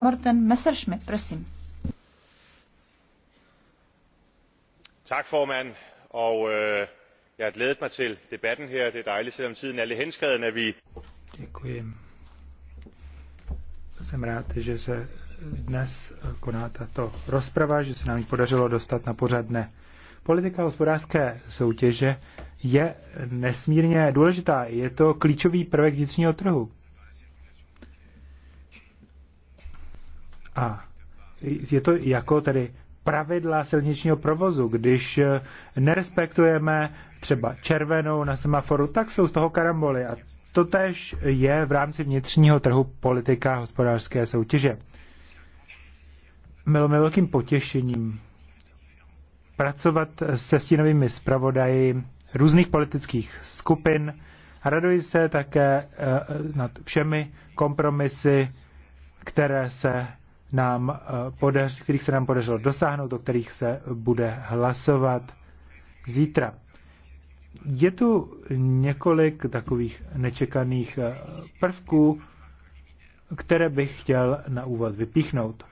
Morten Messerschmidt, prosím. Tak, formand, og øh, jeg har glædet mig til debatten her. Det er dejligt, selvom tiden er lidt henskreven, at vi... Děkuji. Jsem rád, že se dnes koná tato rozprava, že se nám ji podařilo dostat na pořadne. Politika hospodářské soutěže je nesmírně důležitá. Je to klíčový prvek vnitřního trhu A je to jako tedy pravidla silničního provozu. Když nerespektujeme třeba červenou na semaforu, tak jsou z toho karamboly. A to tež je v rámci vnitřního trhu politika hospodářské soutěže. Bylo mi velkým potěšením pracovat se stínovými zpravodaji různých politických skupin a raduji se také eh, nad všemi kompromisy, které se nám eh, podař, kterých se nám podařilo dosáhnout, o kterých se bude hlasovat zítra. Je tu několik takových nečekaných eh, prvků, které bych chtěl na úvod vypíchnout.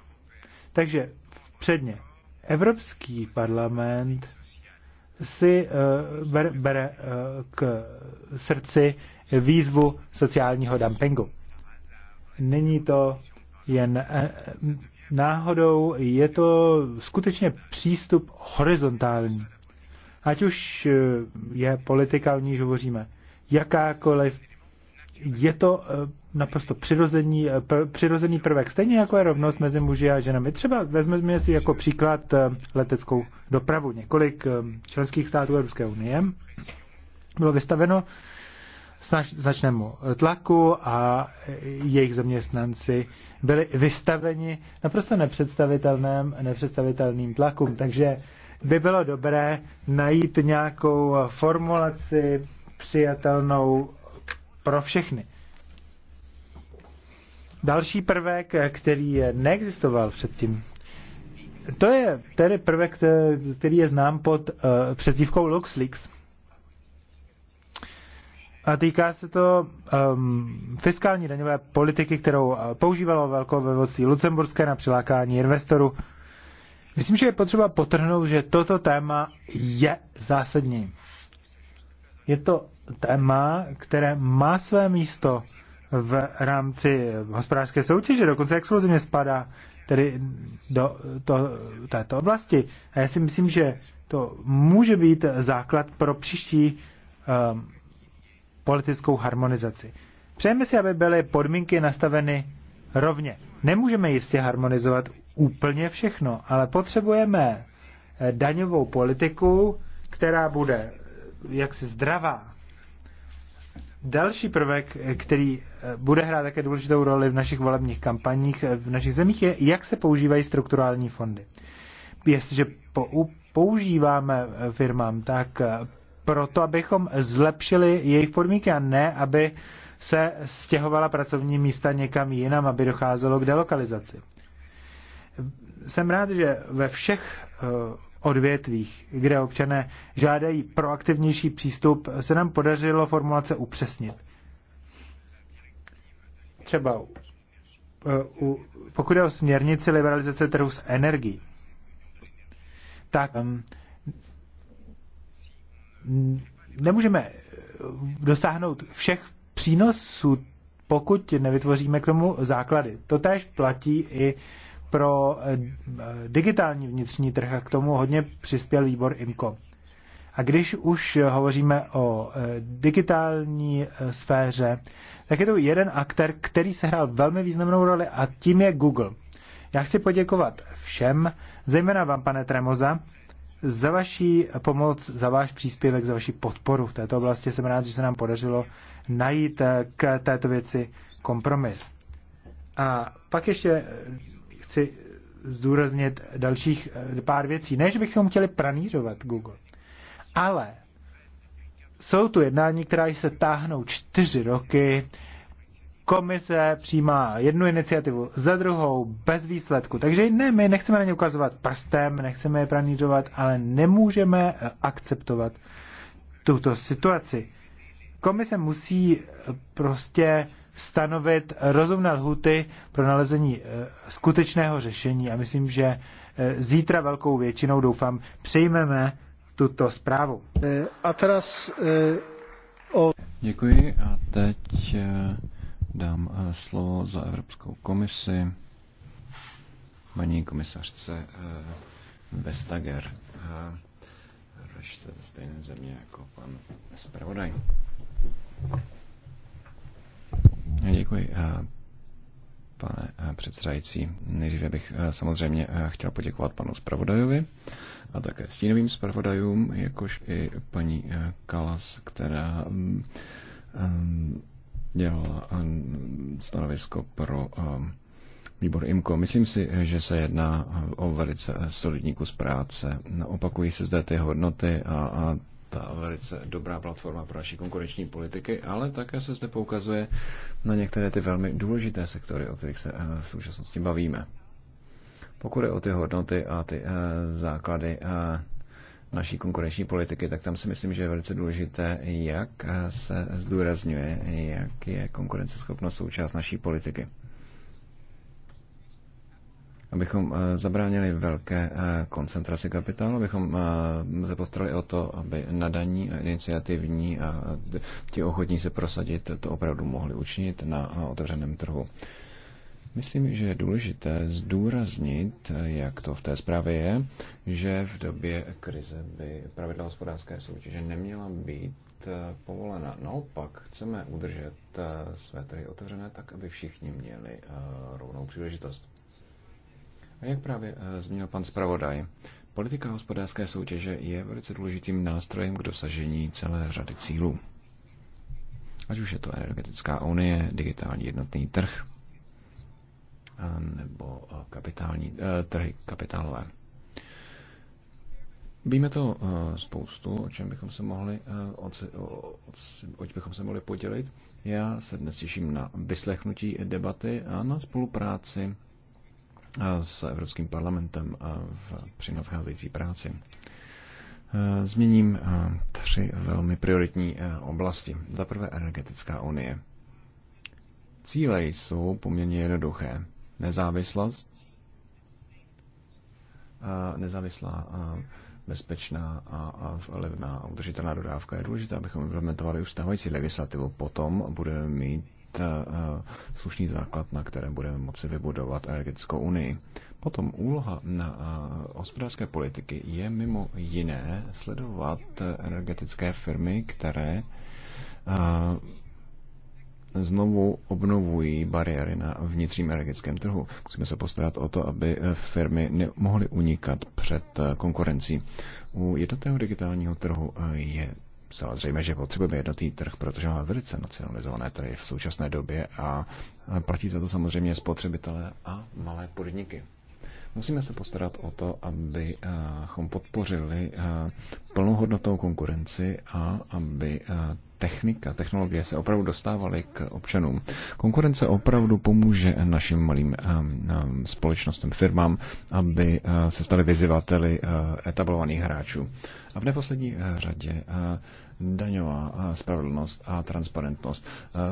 Takže předně, Evropský parlament si eh, bere, bere k srdci výzvu sociálního dumpingu. Není to jen eh, náhodou, je to skutečně přístup horizontální. Ať už eh, je politika, o níž hovoříme, jakákoliv, je to eh, naprosto přirozený, přirozený prvek, stejně jako je rovnost mezi muži a ženami. Třeba vezmeme si jako příklad leteckou dopravu. Několik členských států Evropské unie bylo vystaveno značnému tlaku a jejich zaměstnanci byli vystaveni naprosto nepředstavitelným, nepředstavitelným tlakům. Takže by bylo dobré najít nějakou formulaci přijatelnou pro všechny. Další prvek, který neexistoval předtím, to je tedy prvek, který je znám pod uh, přezdívkou LuxLeaks. A týká se to um, fiskální daňové politiky, kterou uh, používalo velkou vevodství Lucemburské na přilákání investorů. Myslím, že je potřeba potrhnout, že toto téma je zásadní. Je to téma, které má své místo v rámci hospodářské soutěže, dokonce exkluzivně spadá tedy do to, této oblasti. A já si myslím, že to může být základ pro příští um, politickou harmonizaci. Přejeme si, aby byly podmínky nastaveny rovně. Nemůžeme jistě harmonizovat úplně všechno, ale potřebujeme eh, daňovou politiku, která bude eh, jaksi zdravá. Další prvek, eh, který bude hrát také důležitou roli v našich volebních kampaních v našich zemích, je, jak se používají strukturální fondy. Jestliže používáme firmám, tak proto, abychom zlepšili jejich podmínky a ne, aby se stěhovala pracovní místa někam jinam, aby docházelo k delokalizaci. Jsem rád, že ve všech eh, odvětvích, kde občané žádají proaktivnější přístup, se nám podařilo formulace upřesnit. Třeba eh, u, pokud je o směrnici liberalizace trhu s energií, tak nemůžeme eh, dosáhnout všech přínosů, pokud nevytvoříme k tomu základy. To též platí i pro eh, digitální vnitřní trh a k tomu hodně přispěl výbor IMCO. A když už hovoříme o eh, digitální sféře, tak je to jeden aktér, který hrál velmi významnou roli a tím je Google. Já chci poděkovat všem, zejména vám, pane Tremoza, za vaši pomoc, za váš příspěvek, za vaši podporu v této oblasti. Jsem rád, že se nám podařilo najít eh, k této věci kompromis. A pak ještě eh, chci zdůraznit dalších eh, pár věcí. Ne, že bychom chtěli pranířovat Google, ale jsou tu jednání, která se táhnou čtyři roky, komise přijímá jednu iniciativu za druhou bez výsledku. Takže ne, my nechceme na ně ukazovat prstem, nechceme je pranířovat, ale nemůžeme eh, akceptovat tuto situaci. Komise musí eh, prostě stanovit rozumné lhuty pro nalezení eh, skutečného řešení a myslím, že zítra velkou většinou, doufám, přejmeme tuto zprávu. A teraz o... Děkuji a teď dám eh, slovo za Evropskou komisi paní komisařce eh, Vestager, eh, rožce ze stejné země jako pan zpravodaj. Děkuji, pane předsedající. Nejdříve bych samozřejmě chtěl poděkovat panu zpravodajovi a také stínovým zpravodajům, jakož i paní Kalas, která mm, mm, dělala eh, stanovisko pro eh, výbor IMCO. Myslím si, že se jedná eh, o velice solidní kus práce. No, opakují se zde ty hodnoty a, a ta velice dobrá platforma pro naší konkurenční politiky, ale také se zde poukazuje na některé ty velmi důležité sektory, o kterých se v současnosti bavíme. Pokud je o ty hodnoty a ty základy, naší konkurenční politiky, tak tam si myslím, že je velice důležité, jak se zdůrazňuje, jak je konkurenceschopnost součást naší politiky. Abychom eh, zabránili velké eh, koncentraci kapitálu, abychom eh, se postarali o to, aby nadaní, iniciativní a ti ochotní se prosadit to opravdu mohli učinit na otevřeném trhu. Myslím, že je důležité zdůraznit, jak to v té zprávě je, že v době krize by pravidla hospodářské soutěže neměla být eh, povolena. Naopak chceme udržet eh, své trhy otevřené tak, aby všichni měli eh, rovnou příležitost. A jak právě zmínil pan zpravodaj, politika hospodářské soutěže je velice důležitým nástrojem k dosažení celé řady cílů. Ať už je to energetická unie, digitální jednotný trh, nebo eh, kapitální, eh, trhy kapitálové. Víme to eh, spoustu, o čem bychom se mohli, o, o, o, bychom se mohli podělit. Já se dnes těším na vyslechnutí debaty a na spolupráci s Evropským parlamentem v, při nadcházející práci. Změním tři velmi prioritní oblasti. Za prvé energetická unie. Cíle jsou poměrně jednoduché nezávislost, nezávislá bezpečná a, a levná a udržitelná dodávka je důležité, abychom implementovali už stávající legislativu. Potom budeme mít slušný základ, na kterém budeme moci vybudovat energetickou unii. Potom úloha na hospodářské politiky je mimo jiné sledovat energetické firmy, které znovu obnovují bariéry na vnitřním energetickém trhu. Musíme se postarat o to, aby firmy nemohly unikat před eh, konkurencí. U jednotného digitálního trhu eh, je samozřejmě, že potřebujeme jednotný trh, protože máme velice nacionalizované trhy v současné době a eh, platí za to samozřejmě spotřebitelé a malé podniky. Musíme se postarat o to, abychom podpořili plnohodnotnou konkurenci a aby technika, technologie se opravdu dostávaly k občanům. Konkurence opravdu pomůže našim malým eh, eh, společnostem, firmám, aby eh, se staly vyzývateli etablovaných hráčů. A v neposlední řadě daňová spravedlnost a transparentnost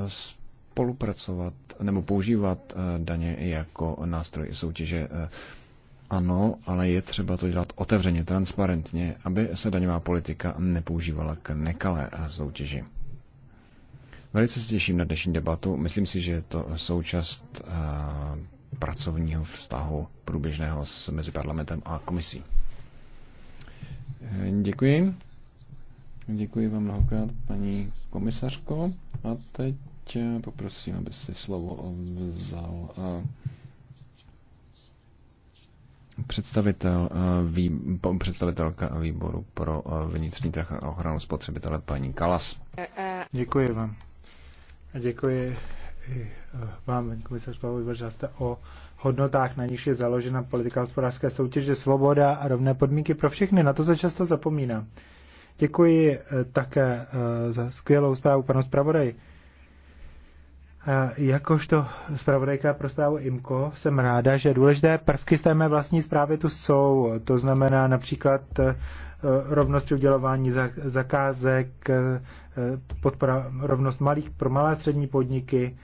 spolupracovat nebo používat daně jako nástroj soutěže ano, ale je třeba to dělat otevřeně, transparentně, aby se daňová politika nepoužívala k nekalé soutěži. Velice se těším na dnešní debatu. Myslím si, že je to součást eh, pracovního vztahu průběžného s mezi parlamentem a komisí. Eh, děkuji. Děkuji vám mnohokrát, paní komisařko. A teď eh, poprosím, aby si slovo vzal představitel, vý, představitelka výboru pro vnitřní trh a ochranu spotřebitele paní Kalas. Děkuji vám. Děkuji e, vám, komisař že jste o hodnotách, na nich je založena politika hospodářské soutěže, svoboda a rovné podmínky pro všechny. Na to se často zapomíná. Děkuji e, také e, za skvělou zprávu panu zpravodaji. Jakožto zpravodajka pro zprávu IMCO jsem ráda, že důležité prvky z té mé vlastní zprávy tu jsou. To znamená například e, rovnost při udělování zakázek, e, podpora, rovnost malých pro malé a střední podniky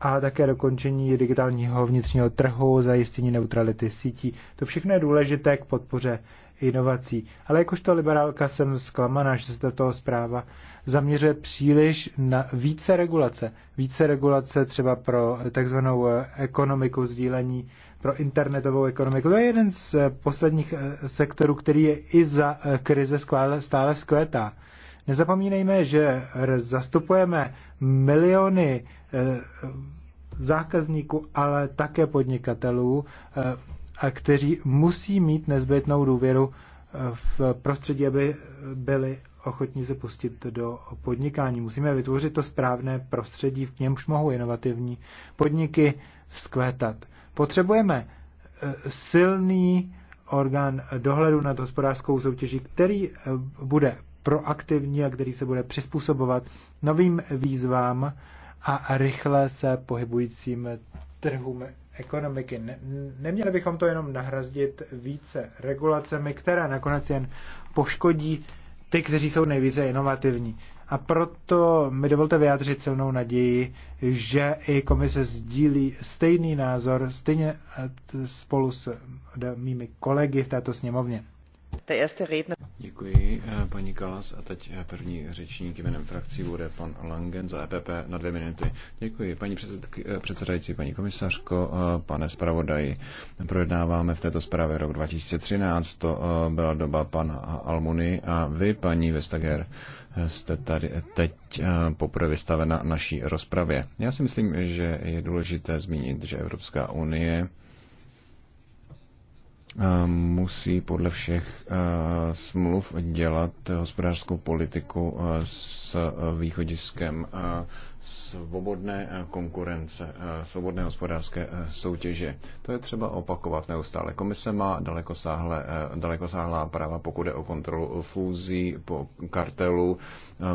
a také dokončení digitálního vnitřního trhu, zajištění neutrality sítí. To všechno je důležité k podpoře inovací. Ale jakožto liberálka jsem zklamaná, že se tato zpráva zaměřuje příliš na více regulace. Více regulace třeba pro takzvanou eh, ekonomiku sdílení, pro internetovou ekonomiku. To je jeden z eh, posledních eh, sektorů, který je i za krize stále vzkvétá. Nezapomínejme, že zastupujeme miliony zákazníků, ale také podnikatelů a kteří musí mít nezbytnou důvěru eh, v prostředí, aby byli ochotní se pustit do podnikání. Musíme vytvořit to správné prostředí, v němž mohou inovativní podniky vzkvétat. Potřebujeme eh, silný orgán dohledu nad hospodářskou soutěží, který eh, bude proaktivní a který se bude přizpůsobovat novým výzvám a rychle se pohybujícím trhům ekonomiky. Neměli bychom to jenom nahrazdit více regulacemi, které nakonec jen poškodí ty, kteří jsou nejvíce inovativní. A proto mi dovolte vyjádřit silnou naději, že i komise sdílí stejný názor stejně eh, spolu s eh, mými kolegy v této sněmovně. Děkuji, eh, paní Kalas. A teď eh, první řečník jménem frakcí bude pan Langen za EPP na dvě minuty. Děkuji, paní eh, předsedající, paní komisařko, pane zpravodaji. Projednáváme v této zprávě rok 2013, to byla doba pana Almuny a vy, paní Vestager, jste tady teď poprvé vystavena naší rozpravě. Já si myslím, že je důležité zmínit, že Evropská unie Eh, musí podle všech eh, smluv dělat hospodářskou politiku eh, s východiskem svobodné konkurence, svobodné hospodářské soutěže. To je třeba opakovat neustále. Komise má dalekosáhlé, dalekosáhlá práva, pokud je o kontrolu fúzí, po kartelu,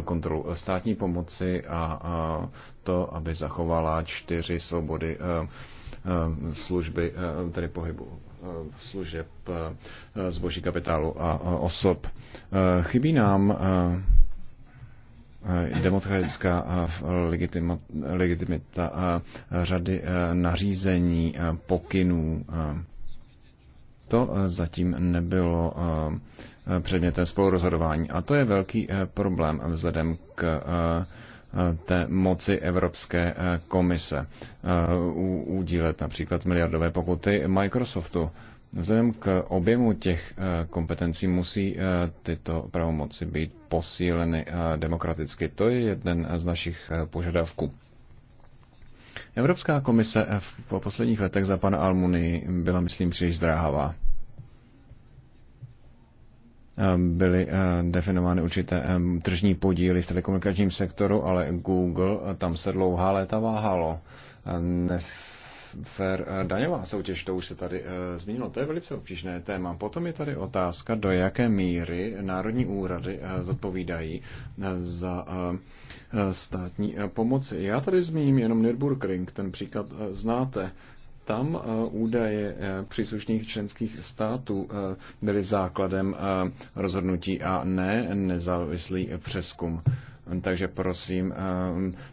kontrolu státní pomoci a to, aby zachovala čtyři svobody služby, tedy pohybu Eh, služeb, eh, zboží kapitálu a osob. Eh, chybí nám demokratická legitimita řady nařízení, pokynů. To zatím nebylo předmětem spolurozhodování. A to je velký problém vzhledem k té moci Evropské eh, komise eh, udílet například miliardové pokuty Microsoftu. Vzhledem k objemu těch eh, kompetencí musí tyto pravomoci být posíleny demokraticky. To je jeden z našich požadavků. Evropská komise v posledních letech za pana Almuny byla, myslím, příliš zdráhavá. Ehm, byly eh, definovány určité ehm, tržní podíly v telekomunikačním sektoru, ale Google, eh, tam se dlouhá léta váhalo. Eh, Fair daňová soutěž, to už se tady zmínilo, to je velice obtížné téma. Potom je tady otázka, do jaké míry národní úrady zodpovídají za státní pomoci. Já tady zmíním jenom Nürburgring, ten příklad znáte tam eh, údaje eh, příslušných členských států eh, byly základem rozhodnutí a ne nezávislý přeskum. Takže prosím,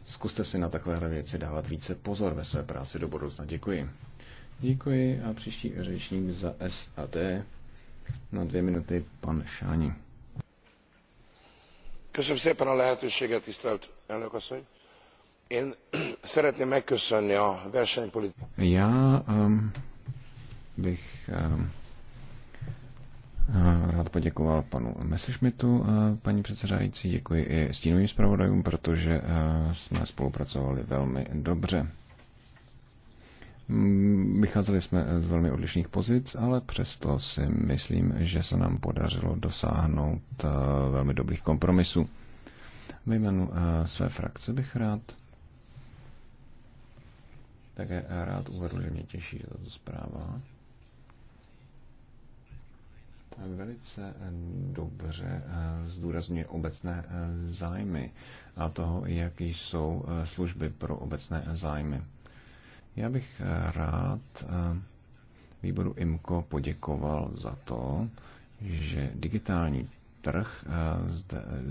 zkuste si na takovéhle věci dávat více pozor ve své práci do budoucna. Děkuji. Děkuji a příští řečník za SAD na dvě minuty pan Šáni. Köszönöm szépen a lehetőséget, tisztelt elnök asszony! Já um, ehm, bych um, rád poděkoval panu Messerschmittu, eh, paní předsedající, děkuji i stínovým zpravodajům, protože eh, jsme spolupracovali velmi dobře. Vycházeli jsme eh, z velmi odlišných pozic, ale přesto si myslím, že se nám podařilo dosáhnout velmi dobrých kompromisů. Ve jménu své frakce bych rád také rád uvedl, že mě těší tato zpráva. Velice dobře eh, zdůrazňuje obecné eh, zájmy a toho, jaké jsou eh, služby pro obecné zájmy. Já bych rád výboru IMCO poděkoval za to, že digitální trh,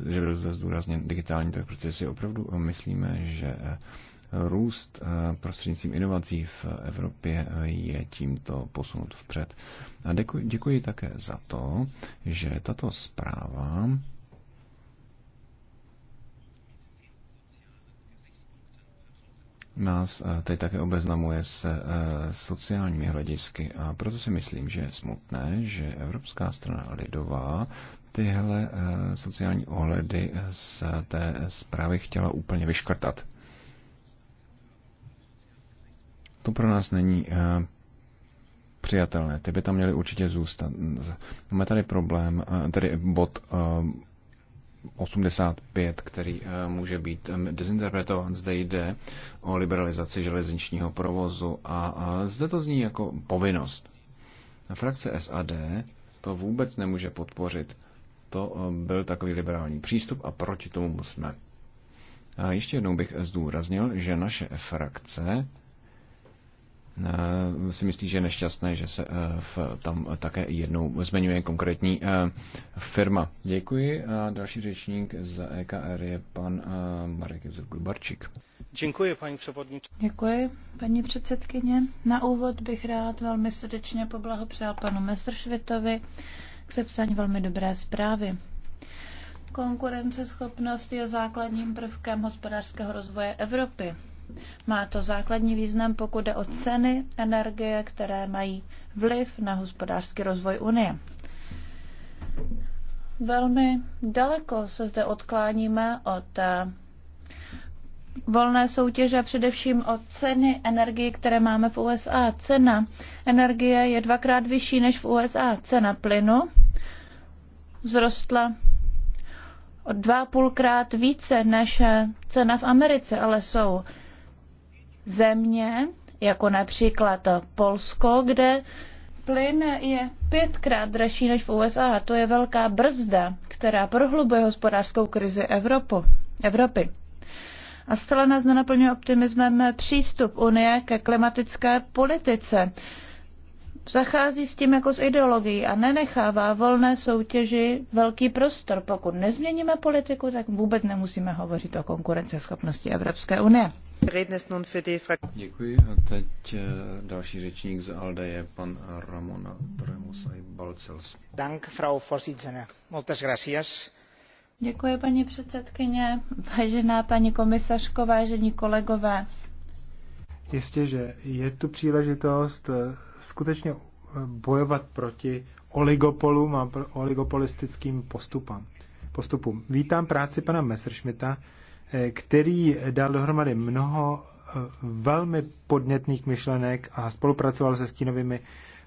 že byl zde zdůrazněn digitální trh, protože si opravdu myslíme, že Růst eh, prostřednictvím inovací v Evropě eh, je tímto posunut vpřed. A děkuji, děkuji také za to, že tato zpráva nás eh, teď také obeznamuje se sociálními hledisky a proto si myslím, že je smutné, že Evropská strana lidová tyhle sociální ohledy z té zprávy chtěla úplně vyškrtat. To pro nás není eh, přijatelné. Ty by tam měly určitě zůstat. Máme tady problém, eh, tady bod 85, eh, který může být dezinterpretován. Zde jde o liberalizaci železničního provozu a zde to zní jako povinnost. Frakce SAD to vůbec nemůže podpořit. To byl takový liberální přístup a proti tomu jsme. A ještě jednou bych zdůraznil, že naše frakce Eh, si myslí, že je nešťastné, že se eh, v, tam také jednou zmiňuje konkrétní eh, firma. Děkuji a další řečník z EKR je pan Marek Josef Grubarčík. Děkuji, paní předsedkyně. Děkuji, paní předsedkyně. Na úvod bych rád velmi srdečně poblahopřál panu Mestršvitovi k sepsání velmi dobré zprávy. Konkurenceschopnost je základním prvkem hospodářského rozvoje Evropy. Má to základní význam, pokud jde o ceny energie, které mají vliv na hospodářský rozvoj Unie. Velmi daleko se zde odkláníme od eh, volné soutěže a především o ceny energie, které máme v USA. Cena energie je dvakrát vyšší než v USA. Cena plynu vzrostla o dva půlkrát více než eh, cena v Americe, ale jsou země, jako například Polsko, kde plyn je pětkrát dražší než v USA. A to je velká brzda, která prohlubuje hospodářskou krizi Evropu, Evropy. A zcela nás nenaplňuje optimismem přístup Unie ke klimatické politice. Zachází s tím jako s ideologií a nenechává volné soutěži velký prostor. Pokud nezměníme politiku, tak vůbec nemusíme hovořit o konkurenceschopnosti Evropské unie. Děkuji a teď eh, další řečník z ALDE je pan Ramon Tremusaj Balcels. Dank, Frau Vorsitzende. Moltes gracias. Děkuji, paní předsedkyně, vážená paní komisařko, vážení kolegové. Jistě, že je tu příležitost eh, skutečně eh, bojovat proti oligopolům a oligopolistickým postupům. Vítám práci pana Messerschmitta, který dal dohromady mnoho eh, velmi podnětných myšlenek a spolupracoval se stínovými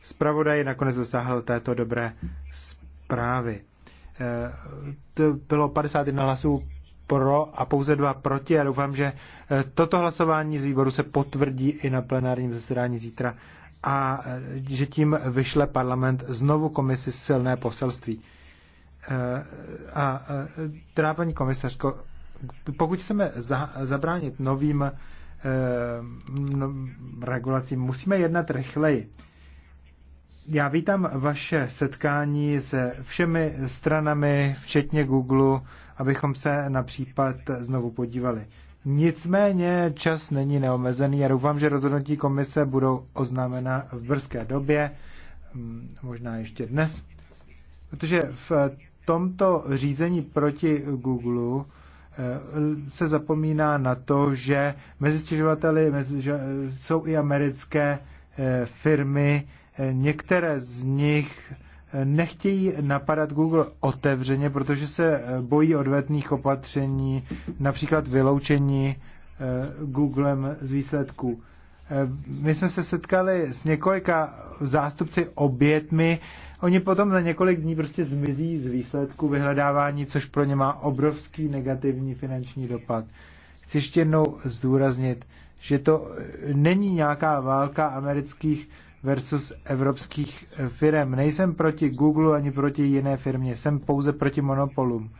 zpravodaji, nakonec dosáhl této dobré zprávy. Eh, to bylo 51 hlasů pro a pouze dva proti a doufám, že eh, toto hlasování z výboru se potvrdí i na plenárním zasedání zítra a že tím vyšle parlament znovu komisi silné poselství. A teda paní komisařko, pokud chceme za, zabránit novým eh, no, regulacím, musíme jednat rychleji. Já vítám vaše setkání se všemi stranami, včetně Google, abychom se na případ znovu podívali. Nicméně čas není neomezený a doufám, že rozhodnutí komise budou oznámena v brzké době, hm, možná ještě dnes, protože v tomto řízení proti Google Eh, se zapomíná na to, že mezi stěžovateli eh, jsou i americké eh, firmy. Některé z nich nechtějí napadat Google otevřeně, protože se bojí odvetných opatření, například vyloučení Googlem z výsledků. Eh, my jsme se setkali s několika zástupci obětmi. Oni potom za několik dní prostě zmizí z výsledku vyhledávání, což pro ně má obrovský negativní finanční dopad. Chci ještě jednou zdůraznit, že to eh, není nějaká válka amerických versus evropských eh, firm. Nejsem proti Google ani proti jiné firmě, jsem pouze proti monopolům.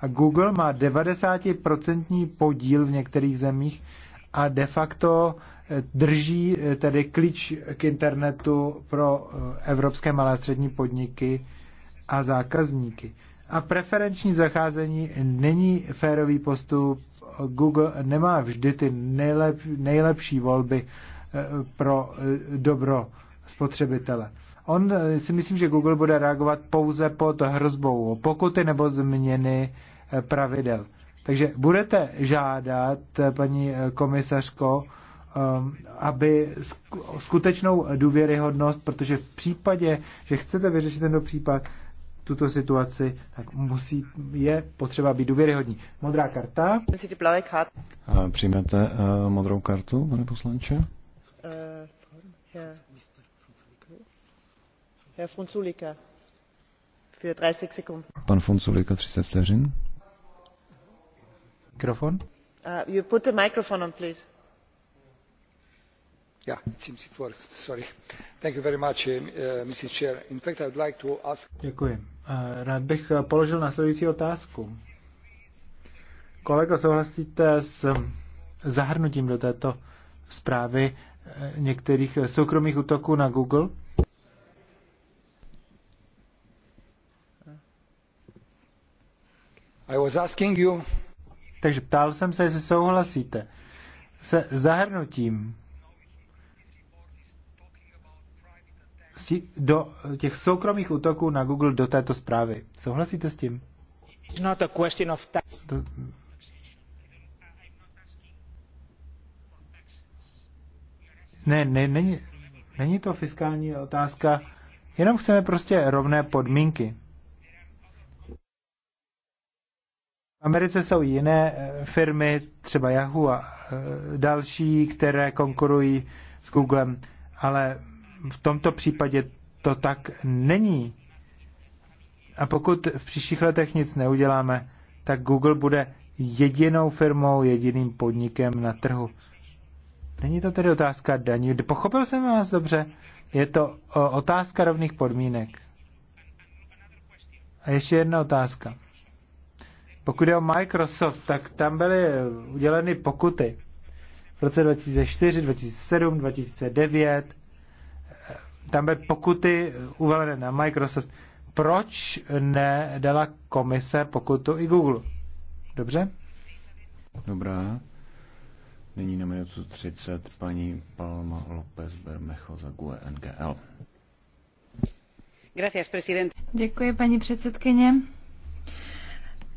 A Google má 90% podíl v některých zemích a de facto drží eh, tedy klíč k internetu pro eh, evropské malé a střední podniky a zákazníky. A preferenční zacházení není férový postup. Google nemá vždy ty nejlep, nejlepší volby eh, pro dobro spotřebitele. On si myslím, že Google bude reagovat pouze pod hrozbou pokuty nebo změny pravidel. Takže budete žádat, paní komisařko, Um, aby skutečnou důvěryhodnost, protože v případě, že chcete vyřešit tento případ, tuto situaci, tak musí, je potřeba být důvěryhodní. Modrá karta. Přijmete uh, modrou kartu, pane poslanče? Eh, Herr, 30 sekund. Pan Frunzulika, 30 vteřin. Mikrofon. Uh, you put the microphone on, please. Yeah, it seems it works. Sorry. Thank you very much, uh, Chair. In fact, I would like to ask... Děkuji. Eh, rád bych eh, položil následující otázku. Kolego, souhlasíte s eh, zahrnutím do této zprávy některých soukromých útoků na Google? I was asking you. Takže ptal jsem se, jestli souhlasíte se zahrnutím do těch soukromých útoků na Google do této zprávy. Souhlasíte s tím? To... Ne, ne, není, není to fiskální otázka, jenom chceme prostě rovné podmínky. V Americe jsou jiné eh, firmy, třeba Yahoo a eh, další, které konkurují s Googlem, ale v tomto případě to tak není. A pokud v příštích letech nic neuděláme, tak Google bude jedinou firmou, jediným podnikem na trhu. Není to tedy otázka daní. Pochopil jsem vás dobře. Je to otázka rovných podmínek. A ještě jedna otázka. Pokud je o Microsoft, tak tam byly uděleny pokuty. V roce 2004, 2007, 2009 tam byly pokuty uvalené na Microsoft. Proč nedala komise pokutu i Google? Dobře? Dobrá. Nyní na minutu 30 paní Palma López Bermecho za GUE NGL. Děkuji, paní předsedkyně.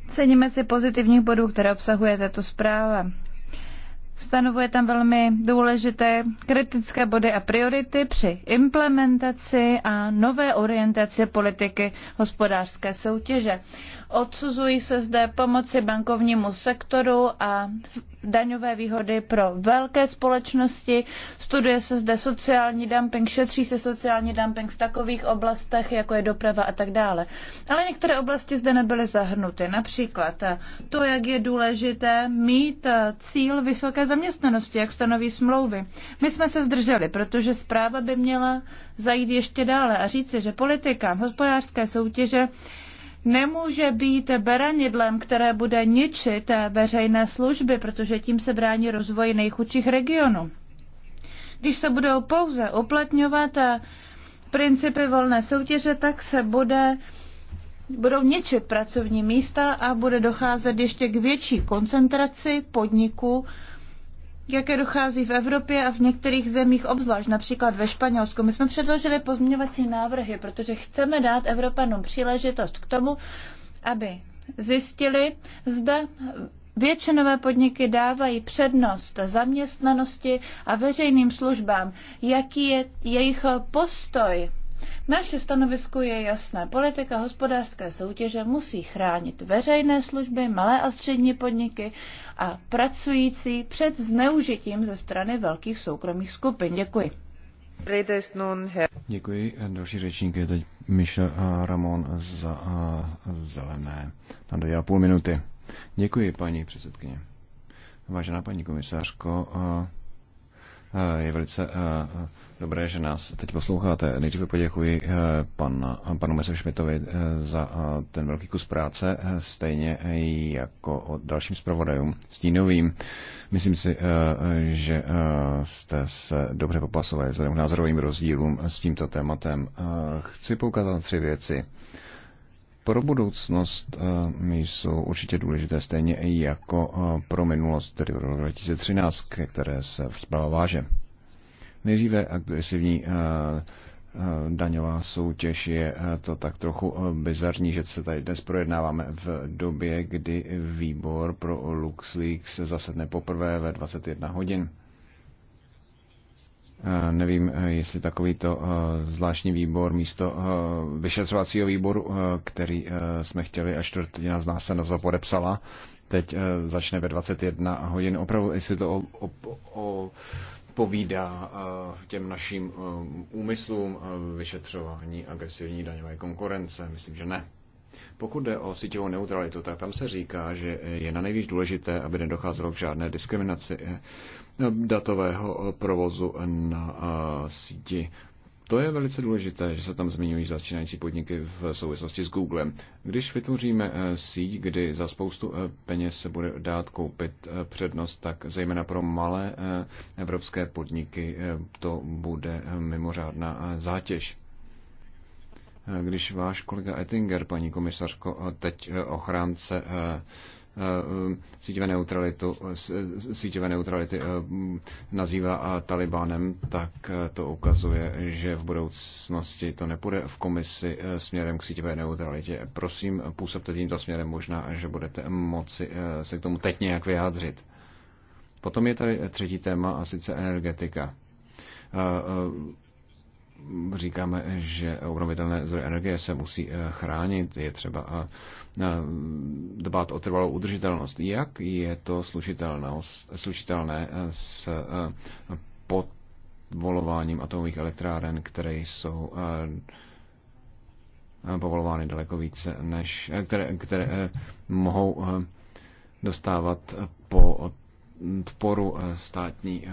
Ceníme si pozitivních bodů, které obsahuje tato zpráva. Stanovuje tam velmi důležité kritické body a priority při implementaci a nové orientaci politiky hospodářské soutěže. Odsuzují se zde pomoci bankovnímu sektoru a daňové výhody pro velké společnosti. Studuje se zde sociální dumping, šetří se sociální dumping v takových oblastech, jako je doprava a tak dále. Ale některé oblasti zde nebyly zahrnuty. Například to, jak je důležité mít eh, cíl vysoké zaměstnanosti, jak stanoví smlouvy. My jsme se zdrželi, protože zpráva by měla zajít ještě dále a říci, že politika hospodářské soutěže nemůže být beranidlem, které bude ničit veřejné služby, protože tím se brání rozvoji nejchudších regionů. Když se budou pouze uplatňovat principy volné soutěže, tak se bude, budou ničit pracovní místa a bude docházet ještě k větší koncentraci podniků jaké dochází v Evropě a v některých zemích obzvlášť, například ve Španělsku. My jsme předložili pozměňovací návrhy, protože chceme dát Evropanům příležitost k tomu, aby zjistili, zda Většinové podniky dávají přednost zaměstnanosti a veřejným službám. Jaký je jejich postoj naše stanovisko je jasné. Politika hospodářské soutěže musí chránit veřejné služby, malé a střední podniky a pracující před zneužitím ze strany velkých soukromých skupin. Děkuji. Děkuji. Další řečník je teď Michel Ramon za zelené. Tam dvě půl minuty. Děkuji, paní předsedkyně. Vážená paní komisářko, je velice eh, dobré, že nás teď posloucháte. Nejdříve poděkuji eh, pan, panu Šmitovi eh, za ten velký kus práce, stejně jako dalším zpravodajům stínovým. Myslím si, že jste se dobře popasovali vzhledem k názorovým rozdílům s tímto tématem. Chci poukázat na tři věci pro budoucnost eh, jsou určitě důležité, stejně i jako eh, pro minulost, tedy pro rok 2013, které se zpráva váže. Nejdříve agresivní eh, daňová soutěž je to tak trochu bizarní, že se tady dnes projednáváme v době, kdy výbor pro LuxLeaks zasedne poprvé ve 21 hodin. Eh, nevím, eh, jestli takovýto eh, zvláštní výbor místo vyšetřovacího výboru, který jsme chtěli až čtvrtina z nás se nazva podepsala, teď začne ve 21 hodin. Opravdu, jestli to o, o, o povídá těm našim úmyslům vyšetřování agresivní daňové konkurence. Myslím, že ne. Pokud jde o síťovou neutralitu, tak tam se říká, že je na nejvíc důležité, aby nedocházelo k žádné diskriminaci eh, datového eh, provozu na eh, síti. To je velice důležité, že se tam zmiňují začínající podniky v souvislosti s Googlem. Když vytvoříme síť, kdy za spoustu peněz se bude dát koupit přednost, tak zejména pro malé evropské podniky to bude mimořádná zátěž když váš kolega Ettinger, paní komisařko, teď eh, ochránce eh, eh, síťové, neutralitu, síťové neutrality nazývá Talibanem, tak to ukazuje, že v budoucnosti to nepůjde v komisi směrem k síťové neutralitě. Prosím, působte tímto směrem možná, že budete moci se k tomu teď nějak vyjádřit. Potom je tady třetí téma a sice energetika říkáme, že obnovitelné zdroje energie se musí eh, chránit, je třeba eh, eh, dbát o trvalou udržitelnost. Jak je to slučitelné s podvolováním atomových elektráren, které jsou povolovány daleko více, než které, které mohou dostávat po odporu státní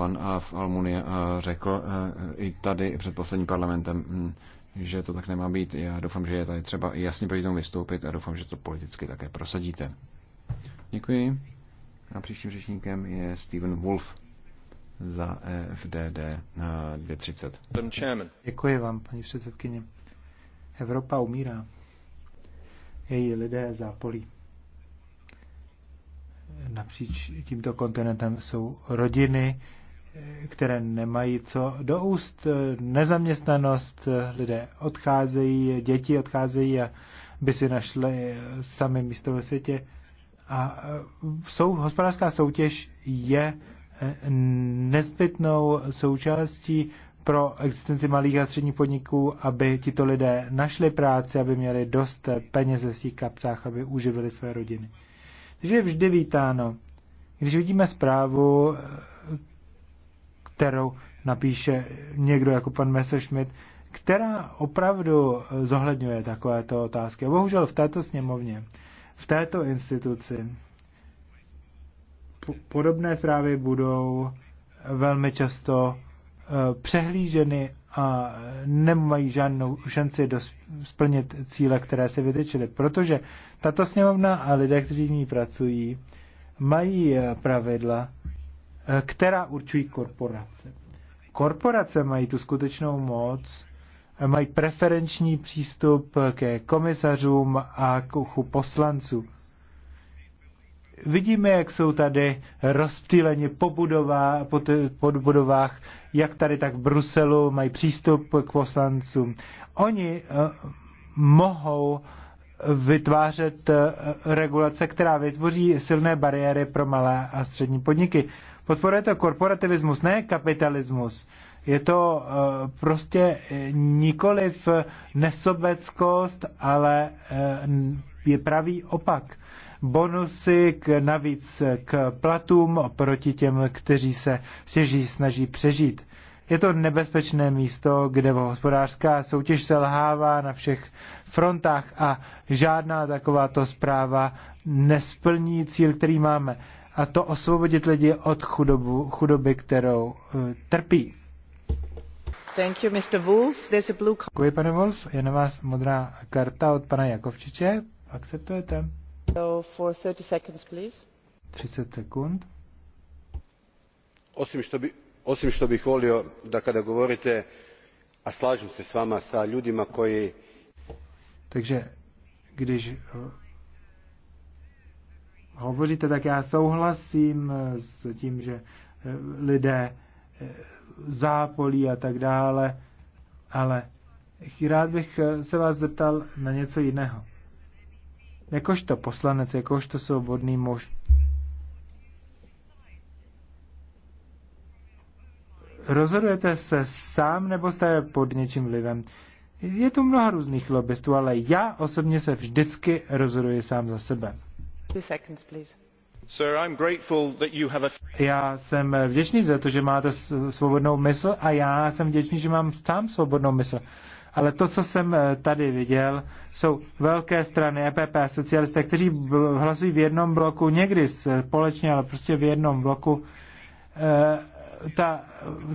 pan eh, Almunia eh, řekl eh, i tady před posledním parlamentem, hm, že to tak nemá být. Já doufám, že je tady třeba jasně proti tomu vystoupit a doufám, že to politicky také prosadíte. Děkuji. A příštím řečníkem je Steven Wolf za FDD 230. Děkuji vám, paní předsedkyně. Evropa umírá. Její lidé zápolí. Napříč tímto kontinentem jsou rodiny, které nemají co do úst, nezaměstnanost, lidé odcházejí, děti odcházejí a by si našli sami místo ve světě. A e, sou, hospodářská soutěž je e, nezbytnou součástí pro existenci malých a středních podniků, aby tito lidé našli práci, aby měli dost peněz ve svých kapsách, aby uživili své rodiny. Takže je vždy vítáno. Když vidíme zprávu kterou napíše někdo jako pan Messerschmidt, která opravdu zohledňuje takovéto otázky. A bohužel v této sněmovně, v této instituci podobné zprávy budou velmi často eh, přehlíženy a nemají žádnou šanci splnit cíle, které se vytyčily. Protože tato sněmovna a lidé, kteří v ní pracují, mají eh, pravidla, Eh, která určují korporace. Korporace mají tu skutečnou moc, eh, mají preferenční přístup ke komisařům a k uchu poslanců. Vidíme, jak jsou tady rozptýleně po, budová, po, po budovách, jak tady tak v Bruselu mají přístup k poslancům. Oni uh, mohou vytvářet regulace, která vytvoří silné bariéry pro malé a střední podniky. Podporuje to korporativismus, ne kapitalismus. Je to eh, prostě eh, nikoliv nesobeckost, ale eh, je pravý opak. Bonusy k, navíc k platům oproti těm, kteří se stěží snaží přežít. Je to nebezpečné místo, kde hospodářská soutěž lhává na všech frontách a žádná takováto zpráva nesplní cíl, který máme a to osvobodit lidi od chudobu, chudoby, kterou uh, trpí. Thank you, Mr. Wolf. There's a blue card. Děkuji, pane Wolf. Je na vás modrá karta od pana Jakovčiče. Akceptujete? So for 30 seconds, please. 30 sekund. Osim što, bi, osim što bih volio da kada govorite, a slažem se s vama, sa ljudima koji... Takže když eh, hovoříte, tak já souhlasím eh, s tím, že eh, lidé eh, zápolí a tak dále, ale rád bych se vás zeptal na něco jiného. Jakožto poslanec, jakožto svobodný muž, rozhodujete se sám nebo jste pod něčím vlivem? Je tu mnoha různých lobbystů, ale já osobně se vždycky rozhoduji sám za sebe. Já jsem vděčný za to, že máte svobodnou mysl a já jsem vděčný, že mám sám svobodnou mysl. Ale to, co jsem eh, tady viděl, jsou velké strany EPP socialisté, kteří hlasují v jednom bloku, někdy společně, ale prostě v jednom bloku. Eh, ta,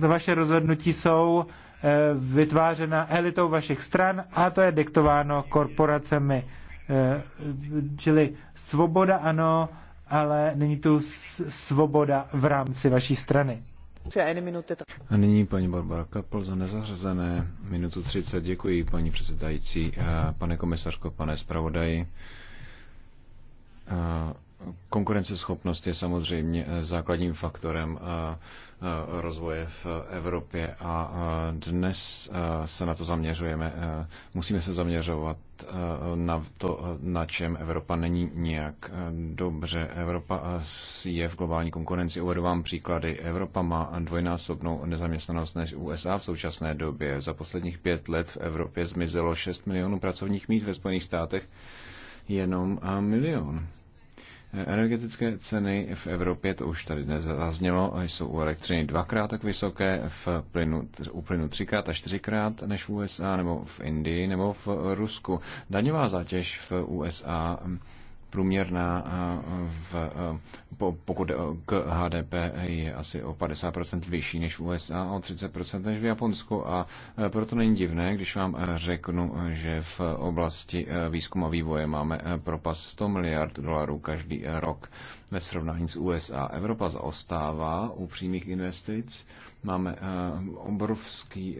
ta vaše rozhodnutí jsou eh, vytvářena elitou vašich stran a to je diktováno korporacemi. Eh, čili svoboda ano, ale není tu svoboda v rámci vaší strany. A nyní paní Barbara Kapl za nezařazené minutu 30. Děkuji paní předsedající, eh, pane komisařko, pane zpravodaji. Eh, Konkurenceschopnost je samozřejmě eh, základním faktorem eh, eh, rozvoje v Evropě a dnes se na to zaměřujeme. Musíme se zaměřovat na to, na čem Evropa není nějak dobře. Evropa je v globální konkurenci. Uvedu vám příklady. Evropa má dvojnásobnou nezaměstnanost než USA v současné době. Za posledních pět let v Evropě zmizelo 6 milionů pracovních míst ve Spojených státech jenom milion. Energetické ceny v Evropě, to už tady dnes zaznělo, jsou u elektřiny dvakrát tak vysoké, v plynu, u plynu třikrát a čtyřikrát než v USA, nebo v Indii, nebo v Rusku. Daňová zátěž v USA průměrná eh, v, eh, pokud eh, k HDP je asi o 50% vyšší než v USA o 30% než v Japonsku. A proto není divné, když vám řeknu, že v oblasti výzkumu a vývoje máme propas 100 miliard dolarů každý rok ve srovnání s USA. Evropa zaostává u přímých investic. Máme obrovský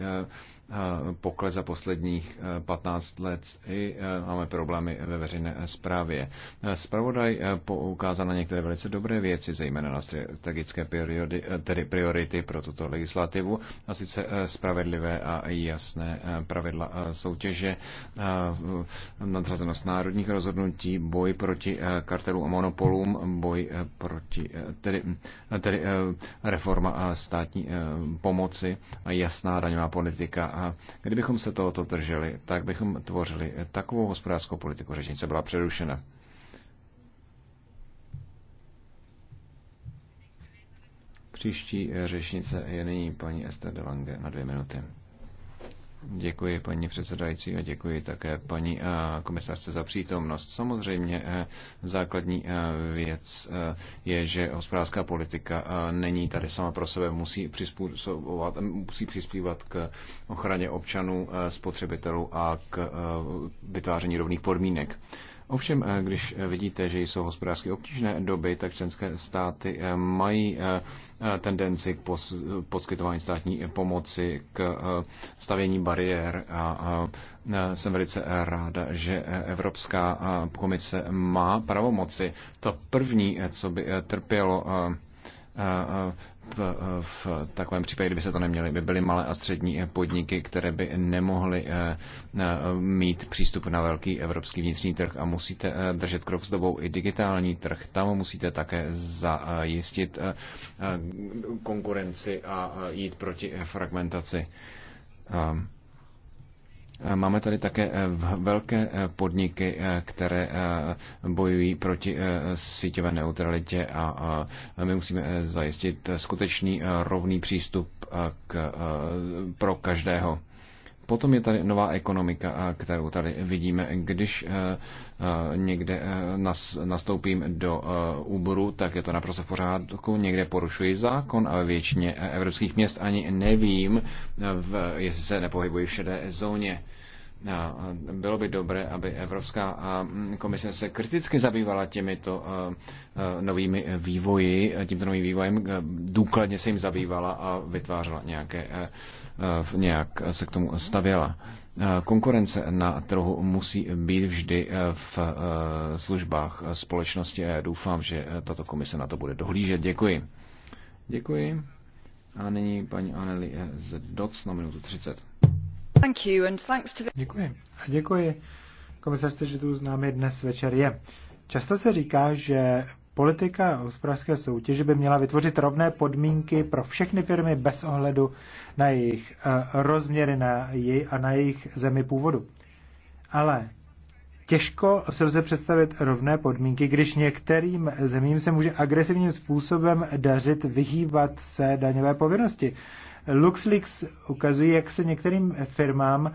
Eh, pokles za posledních 15 eh, let i eh, máme problémy ve veřejné správě. Spravodaj poukázal na některé velice dobré věci, zejména na strategické periody, tedy priority pro tuto legislativu, a sice spravedlivé a jasné pravidla soutěže, nadřazenost národních rozhodnutí, boj proti kartelům a monopolům, boj proti, tedy, tedy reforma státní pomoci a jasná daňová politika a kdybychom se tohoto drželi, tak bychom tvořili takovou hospodářskou politiku. Řečnice byla přerušena. Příští eh, řečnice je nyní paní Esther Delange Lange na dvě minuty. Děkuji paní předsedající a děkuji také paní eh, komisařce za přítomnost. Samozřejmě eh, základní eh, věc je, že hospodářská politika není tady sama pro sebe, musí, přizpůsobovat, musí přispívat k ochraně občanů, spotřebitelů a k vytváření rovných podmínek. Ovšem, eh, když eh, vidíte, že jsou hospodářsky obtížné doby, tak členské státy eh, mají tendenci k poskytování státní pomoci, k stavění bariér a jsem velice ráda, že Evropská komise má pravomoci. To první, co by trpělo v takovém případě, kdyby se to neměly, by byly malé a střední podniky, které by nemohly eh, eh, mít přístup na velký evropský vnitřní trh a musíte eh, držet krok s dobou i digitální trh. Tam musíte také zajistit konkurenci a jít proti fragmentaci. Ehm, Eh, máme tady také eh, velké eh, podniky, které bojují proti síťové neutralitě a my musíme zajistit skutečný rovný přístup k, pro každého. Potom je tady nová ekonomika, eh, kterou tady vidíme. Když eh, eh, někde nastoupím do úboru, tak je to naprosto v pořádku. Někde porušuji zákon, ale většině evropských měst ani nevím, jestli se nepohybuji v šedé zóně. Bylo by dobré, aby Evropská mm, komise se kriticky zabývala těmito novými vývoji, tímto novým vývojem, důkladně se jim zabývala a vytvářela nějaké, nějak se k tomu stavěla. Konkurence na trhu musí být vždy v službách společnosti a já doufám, že tato komise na to bude dohlížet. Děkuji. Děkuji. A nyní paní Aneli z DOC na minutu 30. Děkuji. A děkuji komisařce, že tu s námi dnes večer je. Často se říká, že politika hospodářské soutěže by měla vytvořit rovné podmínky pro všechny firmy bez ohledu na jejich eh, rozměry na jej a na jejich zemi původu. Ale těžko se lze představit rovné podmínky, když některým zemím se může agresivním způsobem dařit vyhýbat se daňové povinnosti. LuxLeaks ukazuje, jak se některým firmám eh,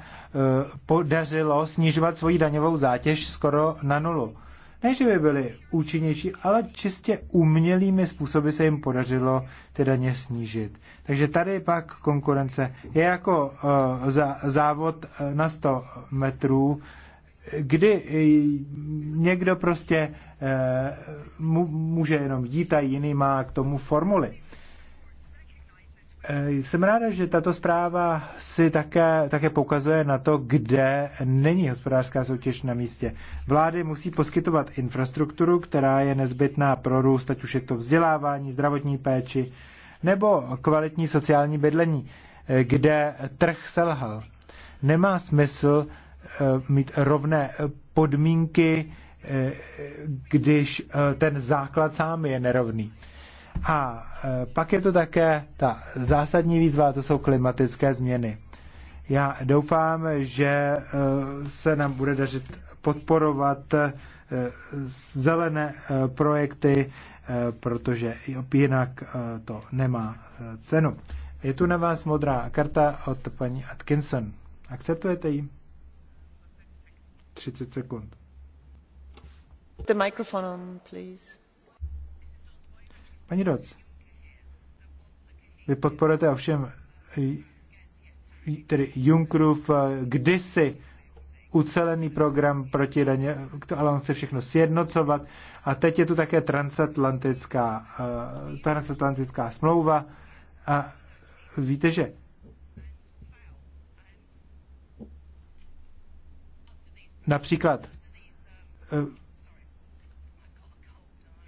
podařilo snižovat svoji daňovou zátěž skoro na nulu. Ne, že by byly účinnější, ale čistě umělými způsoby se jim podařilo ty daně snížit. Takže tady pak konkurence je jako uh, za, závod eh, na 100 metrů, kdy někdo prostě uh, může jenom jít a jiný má k tomu formuly. Eh, jsem ráda, že tato zpráva si také, také poukazuje na to, kde není hospodářská soutěž na místě. Vlády musí poskytovat infrastrukturu, která je nezbytná pro růst, ať už je to vzdělávání, zdravotní péči nebo kvalitní sociální bydlení, eh, kde trh selhal. Nemá smysl eh, mít rovné podmínky, když ten základ sám je nerovný. A e, pak je to také ta zásadní výzva, to jsou klimatické změny. Já doufám, že e, se nám bude dařit podporovat e, zelené projekty, protože jinak to nemá cenu. Je tu na vás modrá karta od paní Atkinson. Akceptujete ji? 30 sekund. The microphone on, please. Ani Doc, vy podporujete ovšem tedy Junkrův eh, kdysi ucelený program proti daně, ale on chce všechno sjednocovat. A teď je tu také transatlantická, uh, transatlantická smlouva. A víte, že například eh,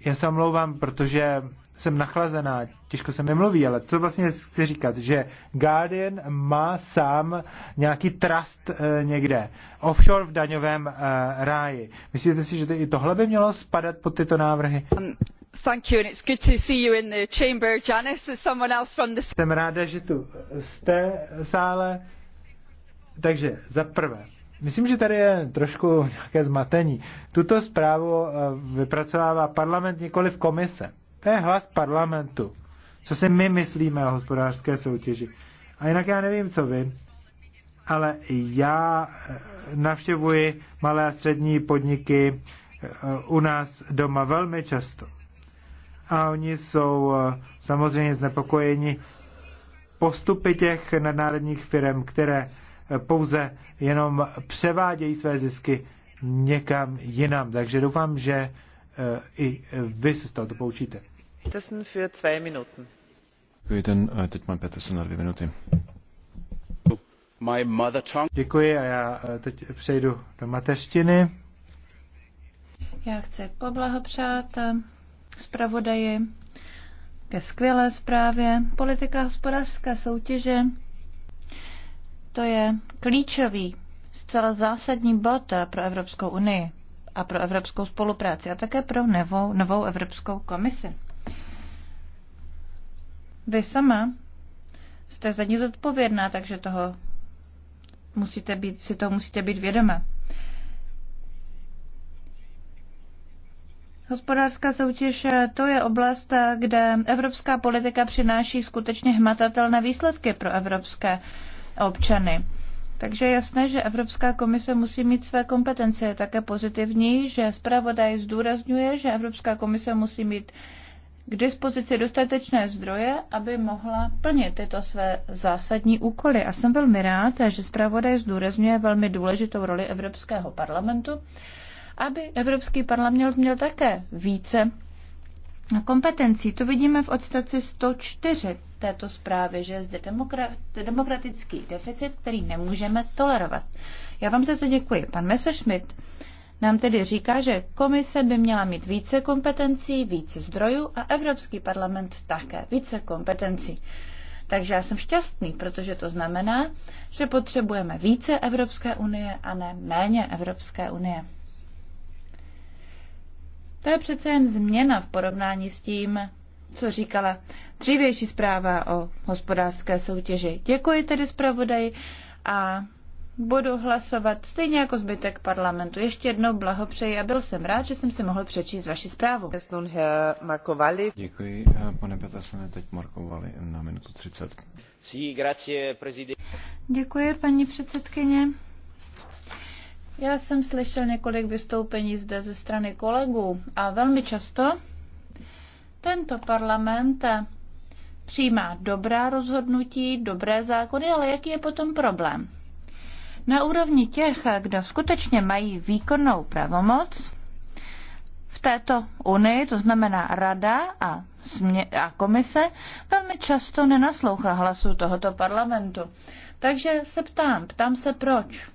já se omlouvám, protože jsem nachlazená, těžko se mi mluví, ale co vlastně chci říkat, že Guardian má sám nějaký trust e, někde, offshore v daňovém e, ráji. Myslíte si, že to, i tohle by mělo spadat pod tyto návrhy? Um, thank you and it's good to see you in the chamber. Janice someone else from the... Jsem ráda, že tu jste v sále. Takže za prvé, Myslím, že tady je trošku nějaké zmatení. Tuto zprávu eh, vypracovává parlament nikoli v komise. To je hlas parlamentu. Co si my myslíme o hospodářské soutěži. A jinak já nevím, co vy, ale já eh, navštěvuji malé a střední podniky eh, u nás doma velmi často. A oni jsou samozřejmě znepokojeni postupy těch nadnárodních firm, které pouze jenom převádějí své zisky někam jinam. Takže doufám, že eh, i vy se z toho to poučíte. Für zwei Minuten. Děkuji, ten, eh, teď mám Petersen na dvě minuty. My mother tongue. Děkuji a já eh, teď přejdu do mateřštiny. Já chci poblahopřát zpravodaji ke skvělé zprávě. Politika hospodářské soutěže to je klíčový, zcela zásadní bod pro Evropskou unii a pro evropskou spolupráci a také pro novou, novou Evropskou komisi. Vy sama jste za ní zodpovědná, takže toho musíte být, si toho musíte být vědoma. Hospodářská soutěž to je oblast, kde evropská politika přináší skutečně hmatatelné výsledky pro evropské občany. Takže je jasné, že Evropská komise musí mít své kompetence. Je také pozitivní, že zpravodaj zdůrazňuje, že Evropská komise musí mít k dispozici dostatečné zdroje, aby mohla plnit tyto své zásadní úkoly. A jsem velmi rád, že zpravodaj zdůrazňuje velmi důležitou roli Evropského parlamentu, aby Evropský parlament měl také více kompetencí. To vidíme v odstavci 104 této zprávy, že je zde demokratický deficit, který nemůžeme tolerovat. Já vám za to děkuji. Pan Messerschmidt nám tedy říká, že komise by měla mít více kompetencí, více zdrojů a Evropský parlament také více kompetencí. Takže já jsem šťastný, protože to znamená, že potřebujeme více Evropské unie a ne méně Evropské unie. To je přece jen změna v porovnání s tím, co říkala dřívější zpráva o hospodářské soutěži. Děkuji tedy zpravodaji a budu hlasovat stejně jako zbytek parlamentu. Ještě jednou blahopřeji a byl jsem rád, že jsem si mohl přečíst vaši zprávu. Eh, Děkuji, eh, pane Petersene, teď Markovali na minutu 30. Děkuji, paní předsedkyně. Já jsem slyšel několik vystoupení zde ze strany kolegů a velmi často tento parlament přijímá dobrá rozhodnutí, dobré zákony, ale jaký je potom problém? Na úrovni těch, kdo skutečně mají výkonnou pravomoc v této unii, to znamená rada a, a komise, velmi často nenaslouchá hlasu tohoto parlamentu. Takže se ptám, ptám se proč.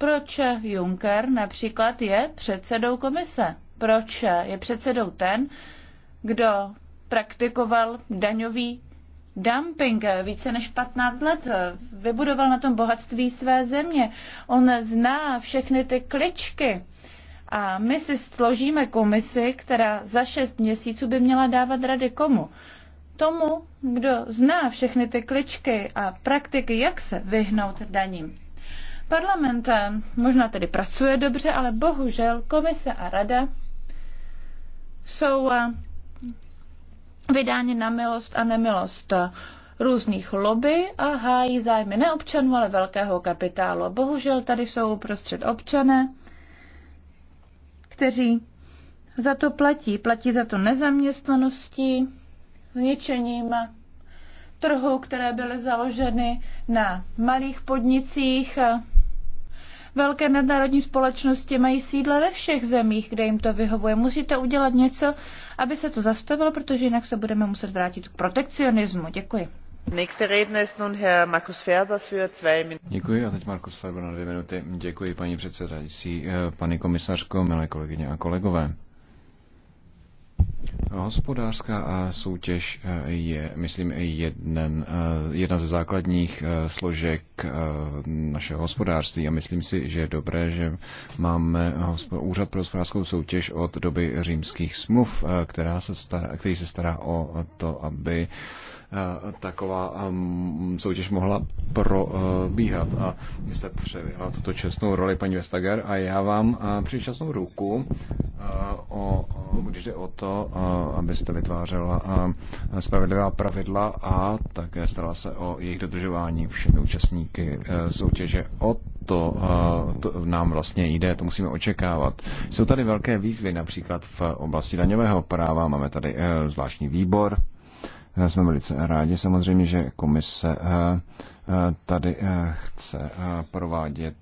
Proč Juncker například je předsedou komise? Proč je předsedou ten, kdo praktikoval daňový dumping více než 15 let, vybudoval na tom bohatství své země. On zná všechny ty kličky. A my si složíme komisi, která za šest měsíců by měla dávat rady komu? Tomu, kdo zná všechny ty kličky a praktiky, jak se vyhnout daním. Parlament možná tedy pracuje dobře, ale bohužel komise a rada jsou eh, vydáni na milost a nemilost různých lobby a hájí zájmy ne občanů, ale velkého kapitálu. Bohužel tady jsou prostřed občané, kteří za to platí. Platí za to nezaměstnaností, zničením trhu, které byly založeny na malých podnicích, Velké nadnárodní společnosti mají sídla ve všech zemích, kde jim to vyhovuje. Musíte udělat něco, aby se to zastavilo, protože jinak se budeme muset vrátit k protekcionismu. Děkuji. Děkuji a teď Markus Ferber na dvě minuty. Děkuji paní předsedající, eh, paní komisařko, milé kolegyně a kolegové. Hospodářská eh, soutěž eh, je, myslím, jeden, eh, jedna ze základních složek našeho hospodářství a myslím si, že je dobré, že máme Úřad pro hospodářskou soutěž od doby římských smluv, která se stará, který se stará o to, aby Eh, taková eh, soutěž mohla probíhat. A vy jste převěla tuto čestnou roli, paní Vestager, a já vám eh, přičasnou ruku, o, když jde o to, abyste vytvářela spravedlivá pravidla a také starala se o jejich dodržování všemi účastníky soutěže o to, to nám vlastně jde, to musíme očekávat. Jsou tady velké výzvy, například v oblasti daňového práva, máme tady zvláštní výbor, Eh, jsme velice rádi samozřejmě, že komise eh, eh, tady chce provádět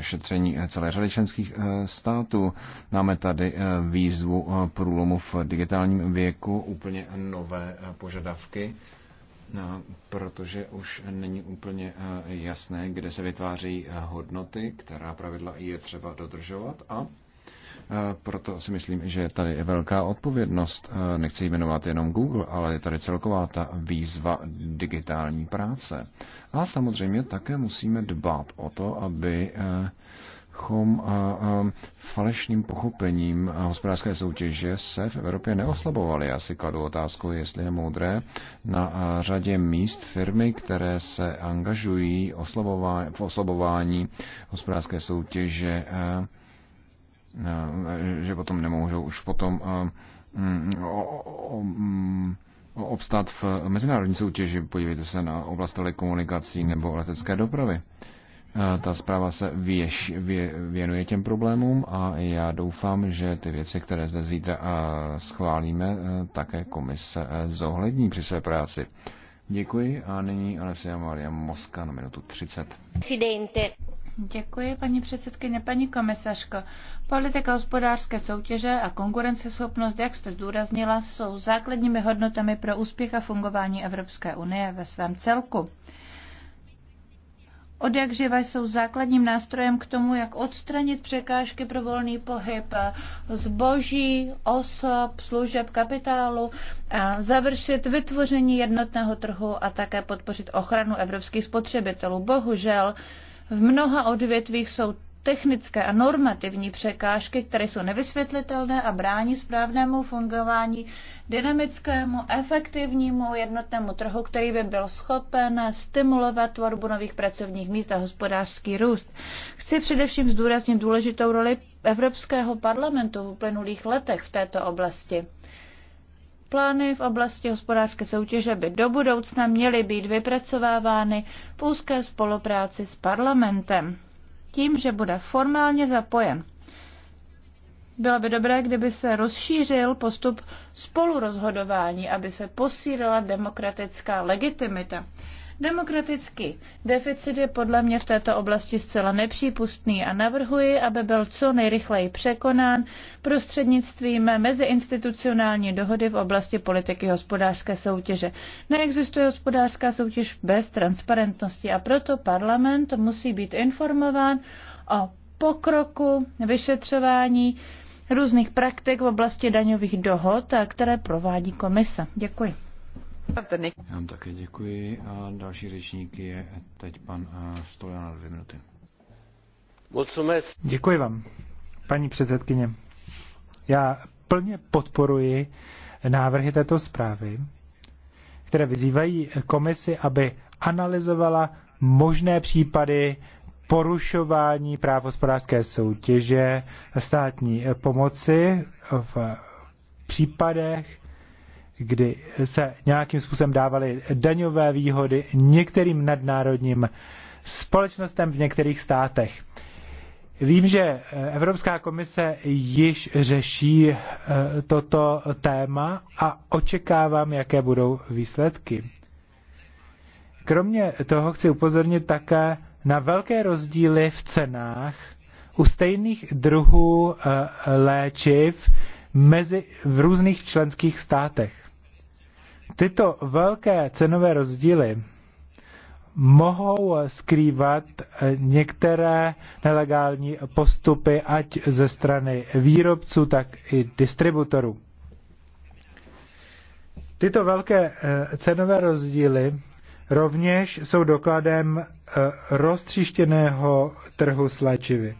šetření celé řady členských států. Máme tady výzvu průlomu v digitálním věku, úplně nové požadavky, protože už není úplně jasné, kde se vytvářejí hodnoty, která pravidla je třeba dodržovat a proto si myslím, že tady je velká odpovědnost. Nechci jmenovat jenom Google, ale je tady celková ta výzva digitální práce. A samozřejmě také musíme dbát o to, aby eh, chom eh, eh, falešným pochopením hospodářské soutěže se v Evropě neoslabovali. Já si kladu otázku, jestli je moudré na řadě míst firmy, které se angažují v oslabování hospodářské soutěže, že potom nemůžou už potom eh, mm, mm, obstát v mezinárodní soutěži. Podívejte se na oblast telekomunikací nebo letecké dopravy. Eh, ta zpráva se věž, vě, věnuje těm problémům a já doufám, že ty věci, které zde zítra eh, schválíme, také komise zohlední při své práci. Děkuji a nyní Alessia Maria Moska na minutu 30. Presidente. Děkuji, paní předsedkyně, paní komisařko. Politika hospodářské soutěže a konkurenceschopnost, jak jste zdůraznila, jsou základními hodnotami pro úspěch a fungování Evropské unie ve svém celku. Od jak živa jsou základním nástrojem k tomu, jak odstranit překážky pro volný pohyb zboží, osob, služeb, kapitálu, a završit vytvoření jednotného trhu a také podpořit ochranu evropských spotřebitelů. Bohužel, v mnoha odvětvích jsou technické a normativní překážky, které jsou nevysvětlitelné a brání správnému fungování dynamickému, efektivnímu jednotnému trhu, který by byl schopen stimulovat tvorbu nových pracovních míst a hospodářský růst. Chci především zdůraznit důležitou roli Evropského parlamentu v uplynulých letech v této oblasti. Plány v oblasti hospodářské soutěže by do budoucna měly být vypracovávány v úzké spolupráci s parlamentem, tím, že bude formálně zapojen. Bylo by dobré, kdyby se rozšířil postup spolurozhodování, aby se posílila demokratická legitimita. Demokraticky. deficit je podle mě v této oblasti zcela nepřípustný a navrhuji, aby byl co nejrychleji překonán prostřednictvím meziinstitucionální dohody v oblasti politiky hospodářské soutěže. Neexistuje hospodářská soutěž bez transparentnosti a proto parlament musí být informován o pokroku vyšetřování různých praktik v oblasti daňových dohod, které provádí komise. Děkuji. Já vám také děkuji a další řečník je teď pan Stojan na dvě minuty. Děkuji vám, paní předsedkyně. Já plně podporuji návrhy této zprávy, které vyzývají komisi, aby analyzovala možné případy porušování práv hospodářské soutěže státní pomoci v případech, kdy se nějakým způsobem dávaly daňové výhody některým nadnárodním společnostem v některých státech. Vím, že Evropská komise již řeší eh, toto téma a očekávám, jaké budou výsledky. Kromě toho chci upozornit také na velké rozdíly v cenách u stejných druhů eh, léčiv mezi v různých členských státech. Tyto velké cenové rozdíly mohou skrývat eh, některé nelegální postupy, ať ze strany výrobců, tak i distributorů. Tyto velké eh, cenové rozdíly rovněž jsou dokladem eh, roztříštěného trhu s léčivy.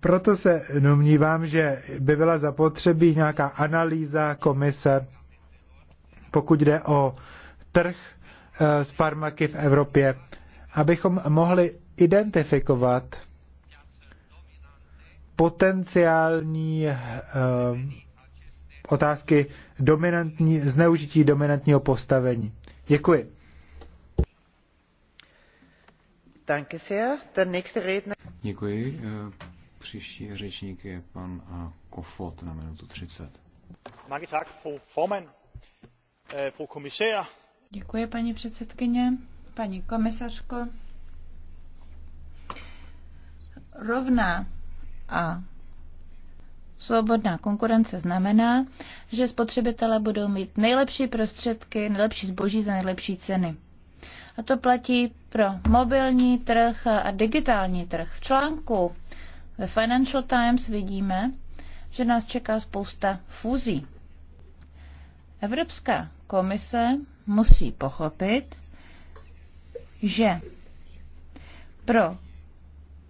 Proto se domnívám, že by byla zapotřebí nějaká analýza komise pokud jde o trh eh, s farmaky v Evropě, abychom mohli identifikovat potenciální eh, otázky dominantní, zneužití dominantního postavení. Děkuji. Děkuji. Eh, příští řečník je pan Kofot na minutu 30. Mange tak, fru formand. Eh, Děkuji, paní předsedkyně, paní komisařko. Rovná a Svobodná konkurence znamená, že spotřebitelé budou mít nejlepší prostředky, nejlepší zboží za nejlepší ceny. A to platí pro mobilní trh a digitální trh. V článku ve Financial Times vidíme, že nás čeká spousta fúzí. Evropská komise musí pochopit, že pro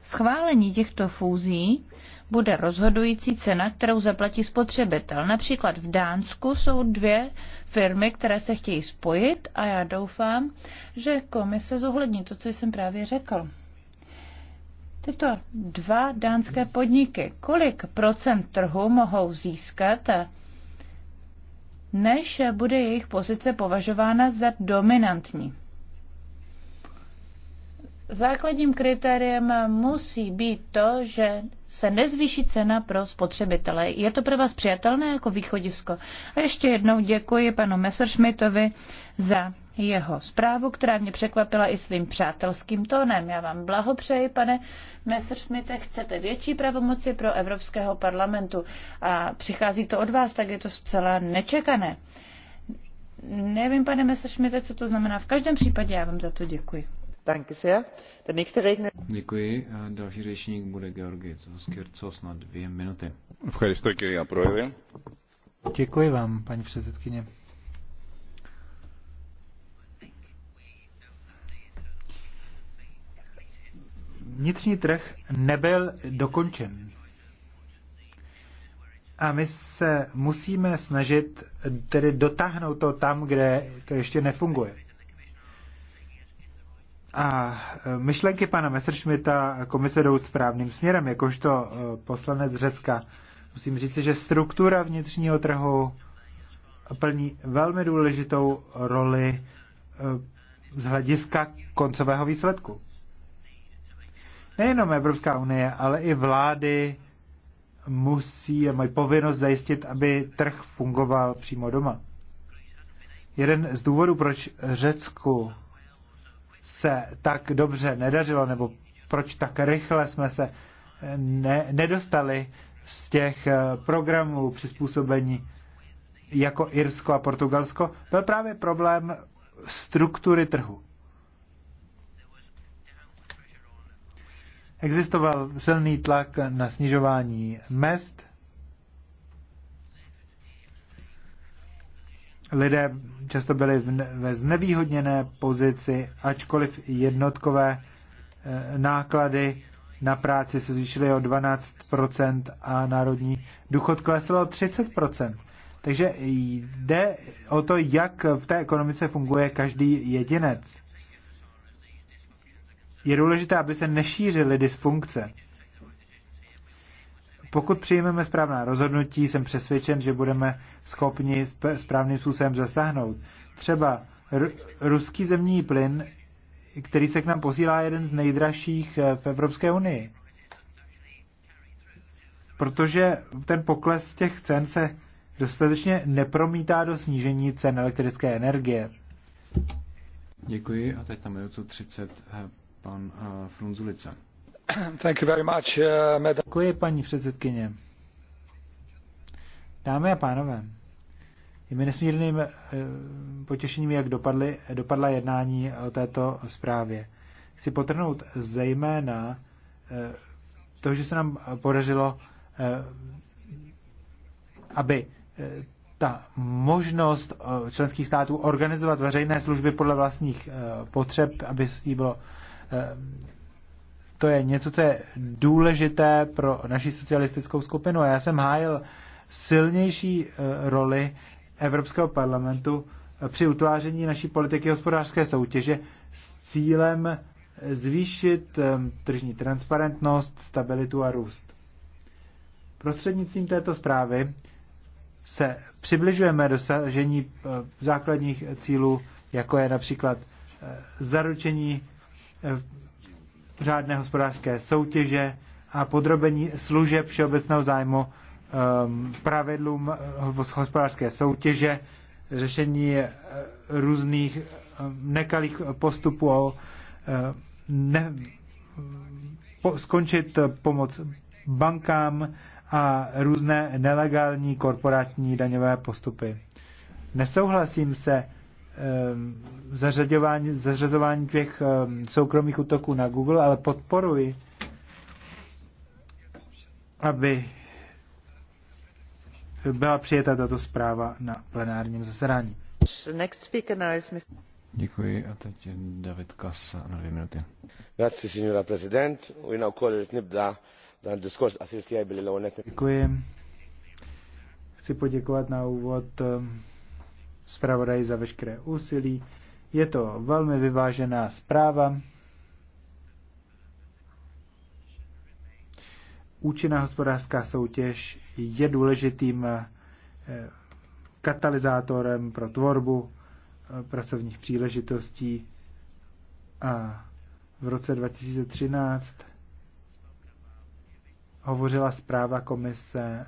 schválení těchto fúzí bude rozhodující cena, kterou zaplatí spotřebitel. Například v Dánsku jsou dvě firmy, které se chtějí spojit a já doufám, že komise zohlední to, co jsem právě řekl. Tyto dva dánské podniky, kolik procent trhu mohou získat než bude jejich pozice považována za dominantní. Základním kritériem musí být to, že se nezvýší cena pro spotřebitele. Je to pro vás přijatelné jako východisko? A ještě jednou děkuji panu Messerschmittovi za jeho zprávu, která mě překvapila i svým přátelským tónem. Já vám blahopřeji, pane Messerschmitte, chcete větší pravomoci pro Evropského parlamentu a přichází to od vás, tak je to zcela nečekané. Nevím, pane Messerschmitte, co to znamená. V každém případě já vám za to děkuji. Děkuji. A další řečník bude Georgi Zoskircos na dvě minuty. Děkuji vám, paní předsedkyně. vnitřní trh nebyl dokončen. A my se musíme snažit tedy dotáhnout to tam, kde to ještě nefunguje. A e, myšlenky pana Messerschmitta komise jdou správným směrem, jakožto e, poslanec Řecka. Musím říct, že struktura vnitřního trhu plní velmi důležitou roli e, z hlediska koncového výsledku. Nejenom Evropská unie, ale i vlády musí a mají povinnost zajistit, aby trh fungoval přímo doma. Jeden z důvodů, proč Řecku se tak dobře nedařilo, nebo proč tak rychle jsme se ne, nedostali z těch eh, programů přizpůsobení jako Irsko a Portugalsko, byl právě problém struktury trhu. Existoval silný tlak na snižování mest. Lidé často byli ve znevýhodněné pozici, ačkoliv jednotkové eh, náklady na práci se zvýšily o 12% a národní důchod klesl o 30%. Takže jde o to, jak v té ekonomice funguje každý jedinec. Je důležité, aby se nešířily dysfunkce. Pokud přijmeme správná rozhodnutí, jsem přesvědčen, že budeme schopni správným způsobem zasáhnout. Třeba ruský zemní plyn, který se k nám posílá jeden z nejdražších eh, v Evropské unii. Protože ten pokles těch cen se dostatečně nepromítá do snížení cen elektrické energie. Děkuji a teď tam je 30 pan eh, Frunzulica. Thank you very much, uh, Děkuji, paní předsedkyně. Dámy a pánové, je mi nesmírným eh, potěšením, jak dopadly, dopadla jednání o této zprávě. Chci potrhnout zejména to, že se nám podařilo, aby ta možnost členských států organizovat veřejné služby podle vlastních potřeb, aby jí bylo to je něco, co je důležité pro naši socialistickou skupinu. A já jsem hájil silnější eh, roli Evropského parlamentu eh, při utváření naší politiky hospodářské soutěže s cílem eh, zvýšit tržní transparentnost, stabilitu a růst. Prostřednictvím této zprávy se přibližujeme dosažení základních cílů, jako je například zaručení Eh, řádné hospodářské soutěže a podrobení služeb všeobecného zájmu ehm, pravidlům eh, hospodářské soutěže, řešení eh, různých nekalých postupů a ne, po, skončit pomoc bankám a různé nelegální korporátní daňové postupy. Nesouhlasím se Ehm, zařazování, zařazování těch ehm, soukromých útoků na Google, ale podporuji, aby byla přijeta tato zpráva na plenárním zasedání. Next speaker now is Mr. Děkuji a teď David Kasa na dvě minuty. Grazie, signora President. Ujna ukolit nibda dan diskurs asil tijaj byli Děkuji. Chci poděkovat na úvod ehm, zpravodaji za veškeré úsilí. Je to velmi vyvážená zpráva. Účinná hospodářská soutěž je důležitým eh, katalyzátorem pro tvorbu eh, pracovních příležitostí a v roce 2013 hovořila zpráva komise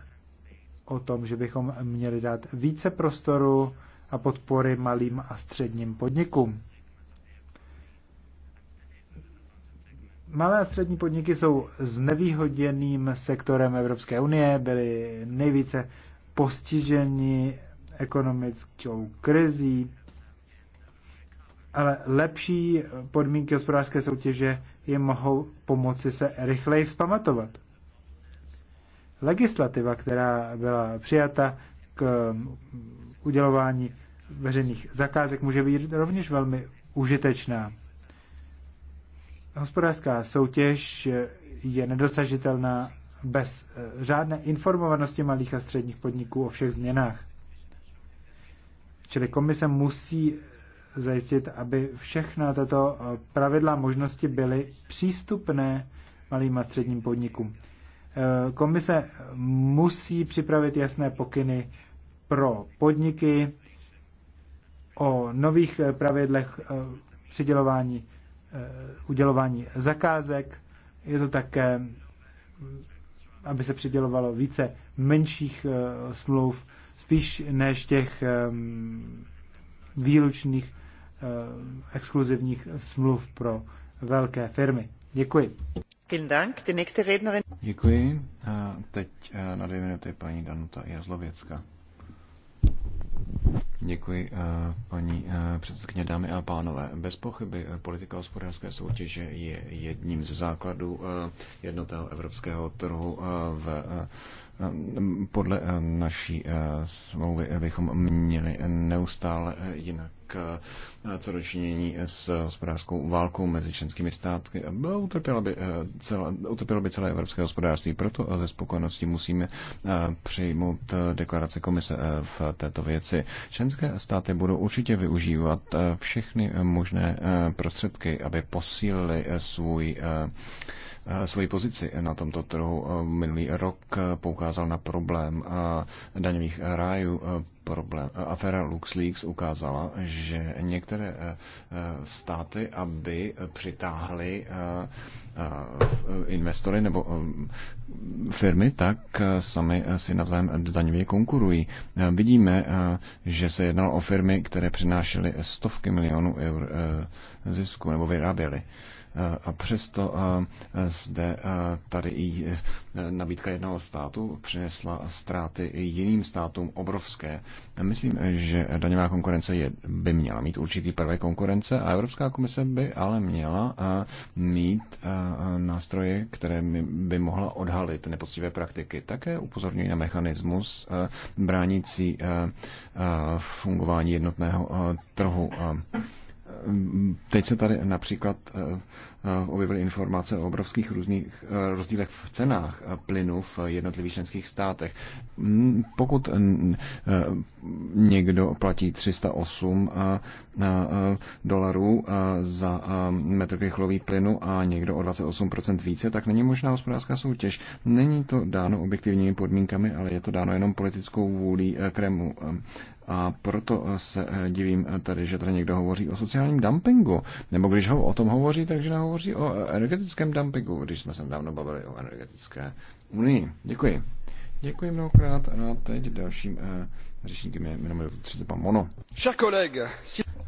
o tom, že bychom měli dát více prostoru a podpory malým a středním podnikům. Malé a střední podniky jsou znevýhodněným sektorem Evropské unie, byly nejvíce postiženi ekonomickou krizí, ale lepší podmínky hospodářské soutěže jim mohou pomoci se rychleji vzpamatovat. Legislativa, která byla přijata k udělování veřejných zakázek může být rovněž velmi užitečná. Hospodářská soutěž je nedosažitelná bez eh, řádné informovanosti malých a středních podniků o všech změnách. Čili komise musí zajistit, aby všechna tato eh, pravidla možnosti byly přístupné malým a středním podnikům. Eh, komise musí připravit jasné pokyny pro podniky, o nových eh, pravidlech eh, přidělování, eh, udělování zakázek. Je to také, aby se přidělovalo více menších smluv, spíš než těch výlučných exkluzivních smluv pro velké firmy. Děkuji. Děkuji. A teď na dvě minuty paní Danuta Jazlověcka. Děkuji, eh, paní eh, předsedkyně, dámy a pánové. Bez pochyby eh, politika hospodářské soutěže je jedním ze základů jednotného evropského trhu v Eh, podle eh, naší eh, smlouvy bychom měli neustále jinak co dočinění s hospodářskou válkou mezi členskými státky. Utrpělo by, celé, utrpělo by celé evropské hospodářství, proto ze spokojeností musíme přijmout deklarace komise v této věci. Členské státy budou určitě využívat všechny možné prostředky, aby posílili svůj Eh, svoji pozici na tomto trhu. Eh, minulý rok eh, poukázal na problém daňových rájů. Problém. Afera LuxLeaks ukázala, že některé státy, aby přitáhly investory nebo firmy, tak sami si navzájem daňově konkurují. Vidíme, že se jednalo o firmy, které přinášely stovky milionů eur zisku nebo vyráběly. Eh, a přesto eh, zde eh, tady i nabídka jednoho státu přinesla ztráty i jiným státům obrovské. Myslím, že daňová konkurence je, by měla mít určitý prvé konkurence a Evropská komise by ale měla mít nástroje, které by mohla odhalit nepoctivé praktiky. Také upozorňují na mechanismus bránící fungování jednotného trhu Teď se tady například eh, eh, objevily informace o obrovských různých eh, rozdílech v cenách plynu v jednotlivých členských státech. Mm, pokud někdo platí 308 dolarů za metr krychlový plynu a někdo o 28% více, tak není možná hospodářská soutěž. Není to dáno objektivními podmínkami, ale je to dáno jenom politickou vůlí Kremu. A proto eh, se eh, divím eh, tady, že tady někdo hovoří o sociálním dumpingu. Nebo když ho o tom hovoří, takže hovoří o energetickém dumpingu, když jsme se dávno bavili o energetické unii. Děkuji. Děkuji mnohokrát a teď dalším Řečníkem je jmenuji 30 pan Mono.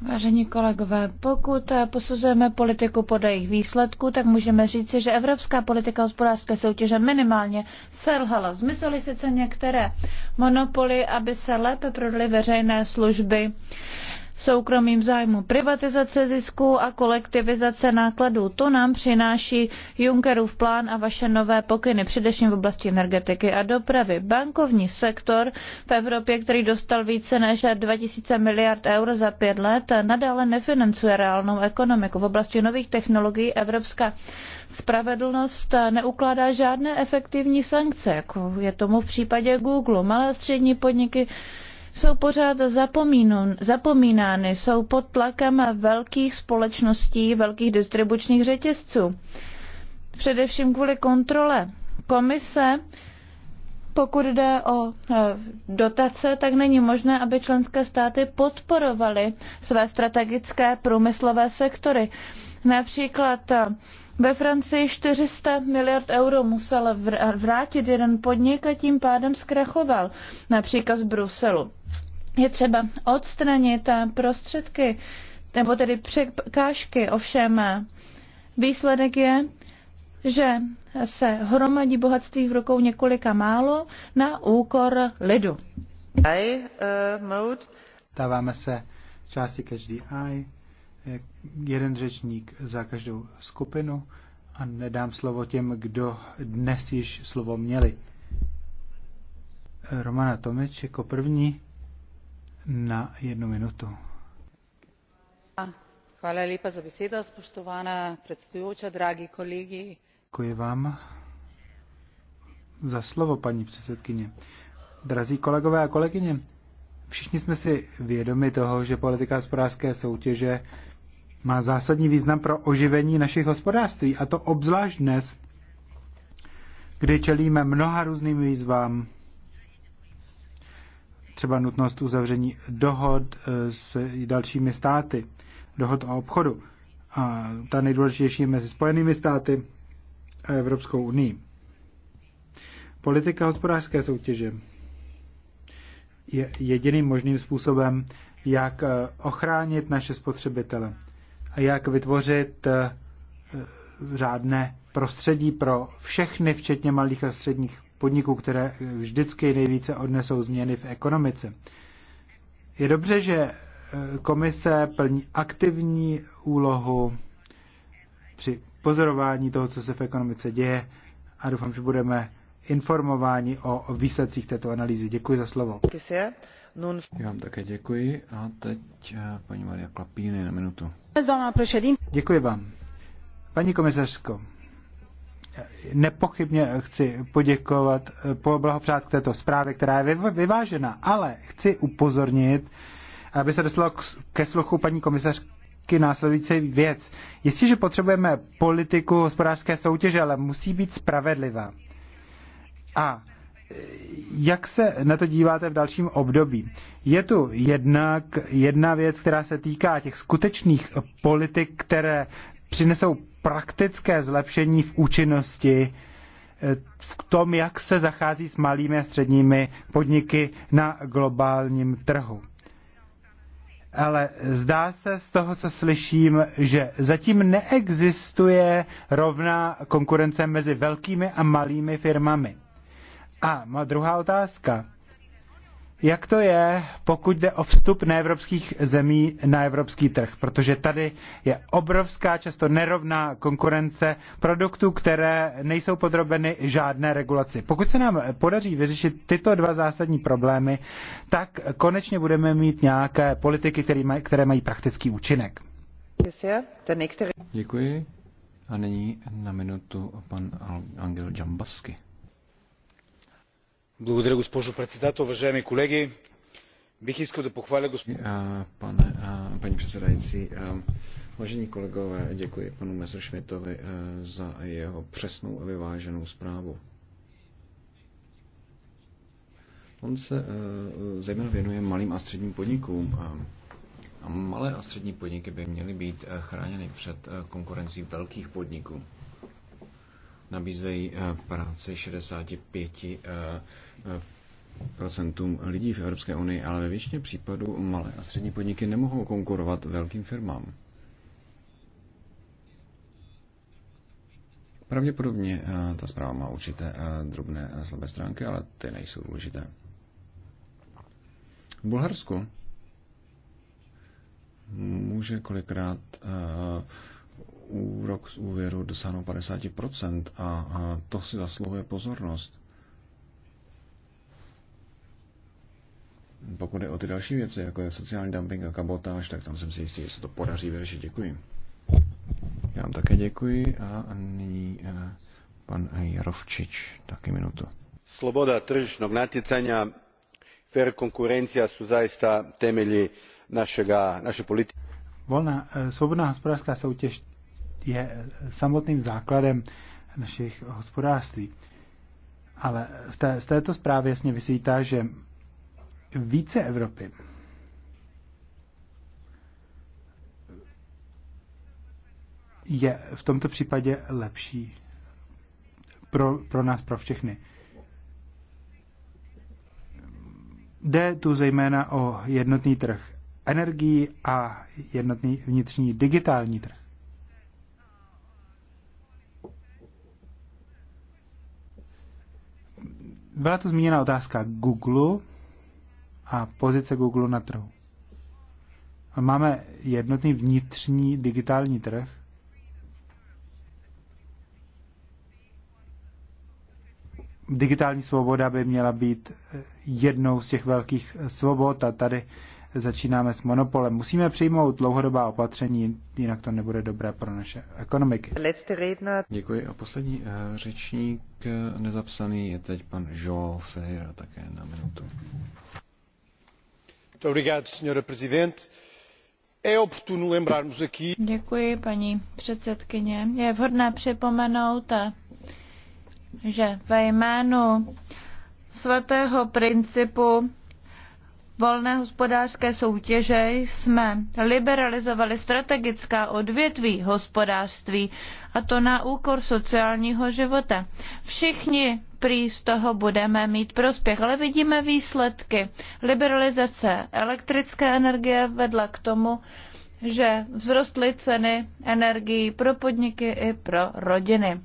Vážení kolegové, pokud eh, posuzujeme politiku podle jejich výsledků, tak můžeme říci, že evropská politika hospodářské soutěže minimálně selhala. Zmysly sice některé monopoly, aby se lépe prodaly veřejné služby soukromým zájmu privatizace zisku a kolektivizace nákladů. To nám přináší Junckerův plán a vaše nové pokyny, především v oblasti energetiky a dopravy. Bankovní sektor v Evropě, který dostal více než 2000 miliard eur za pět let, nadále nefinancuje reálnou ekonomiku. V oblasti nových technologií Evropská spravedlnost neukládá žádné efektivní sankce, jako je tomu v případě Google. Malé a střední podniky jsou pořád zapomínány, jsou pod tlakem velkých společností, velkých distribučních řetězců. Především kvůli kontrole. Komise pokud jde o e, dotace, tak není možné, aby členské státy podporovaly své strategické průmyslové sektory. Například e, ve Francii 400 miliard euro musel vrátit jeden podnik a tím pádem zkrachoval, například z Bruselu je třeba odstranit prostředky, nebo tedy překážky, ovšem výsledek je, že se hromadí bohatství v rukou několika málo na úkor lidu. I, uh, Dáváme se části každý I, eh, jeden řečník za každou skupinu a nedám slovo těm, kdo dnes již slovo měli. Eh, Romana Tomeč jako první na jednu minutu. Hvala lepa za besedo, spoštovana predsedujoča, dragi kolegi. Děkuji vám za slovo, paní předsedkyně. Drazí kolegové a kolegyně, všichni jsme si vědomi toho, že politika hospodářské soutěže má zásadní význam pro oživení našich hospodářství, a to obzvlášť dnes, kdy čelíme mnoha různým výzvám, třeba nutnost uzavření dohod eh, s dalšími státy, dohod o obchodu. A ta nejdůležitější je mezi Spojenými státy a Evropskou unii. Politika hospodářské soutěže je jediným možným způsobem, jak eh, ochránit naše spotřebitele a jak vytvořit eh, řádné prostředí pro všechny, včetně malých a středních podniků, které vždycky nejvíce odnesou změny v ekonomice. Je dobře, že e, komise plní aktivní úlohu při pozorování toho, co se v ekonomice děje a doufám, že budeme informováni o výsledcích této analýzy. Děkuji za slovo. Já vám také děkuji a teď e, paní Maria Klapíny na minutu. Děkuji vám. Paní komisařko, nepochybně chci poděkovat, eh, poblahopřát k této zprávě, která je vyvážena, ale chci upozornit, aby se dostalo ke sluchu paní komisařky následující věc. Jestliže potřebujeme politiku hospodářské soutěže, ale musí být spravedlivá. A eh, jak se na to díváte v dalším období? Je tu jednak jedna věc, která se týká těch skutečných politik, které přinesou praktické zlepšení v účinnosti eh, v tom, jak se zachází s malými a středními podniky na globálním trhu. Ale zdá se z toho, co slyším, že zatím neexistuje rovná konkurence mezi velkými a malými firmami. A má druhá otázka jak to je, pokud jde o vstup neevropských zemí na evropský trh? Protože tady je obrovská, často nerovná konkurence produktů, které nejsou podrobeny žádné regulaci. Pokud se nám podaří vyřešit tyto dva zásadní problémy, tak konečně budeme mít nějaké politiky, které mají, které mají praktický účinek. Děkuji. A nyní na minutu pan Angel Jambasky госпожо председател уважаеми колеги bych искal da pochválit paní předsedající vážení kolegové děkuji panu messerschmittovi za jeho přesnou a vyváženou zprávu. On se zejména věnuje malým a středním podnikům. A malé a střední podniky by měly být chráněny před konkurencí velkých podniků nabízejí eh, práci 65 eh, eh, lidí v Evropské unii, ale ve většině případů malé a střední podniky nemohou konkurovat velkým firmám. Pravděpodobně ta zpráva má určité drobné slabé stránky, ale ty nejsou důležité. V Bulharsku může kolikrát úrok z úvěru dosáhnou 50% a to si zasluhuje pozornost. Pokud je o ty další věci, jako je sociální dumping a kabotáž, tak tam jsem si jistý, že se to podaří vyřešit. Děkuji. Já vám také děkuji a nyní eh, pan Jarovčič, taky minutu. Sloboda tržišnog natjecanja, fair konkurencija su zaista temelji našega, naše politike. Volná, eh, svobodná hospodářská soutěž je samotným základem našich hospodářství. Ale v té, z této zprávy jasně vysvítá, že více Evropy je v tomto případě lepší pro, pro nás, pro všechny. Jde tu zejména o jednotný trh energií a jednotný vnitřní digitální trh. Byla tu zmíněna otázka Google a pozice Google na trhu. Máme jednotný vnitřní digitální trh. Digitální svoboda by měla být jednou z těch velkých svobod a tady začínáme s monopolem. Musíme přijmout dlouhodobá opatření, jinak to nebude dobré pro naše ekonomiky. Děkuji. A poslední eh, řečník eh, nezapsaný je teď pan João Ferreira také na minutu. Děkuji, paní předsedkyně. Je vhodné připomenout, eh, že ve jménu svatého principu volné hospodářské soutěže jsme liberalizovali strategická odvětví hospodářství, a to na úkor sociálního života. Všichni prý z toho budeme mít prospěch, ale vidíme výsledky. Liberalizace elektrické energie vedla k tomu, že vzrostly ceny energií pro podniky i pro rodiny.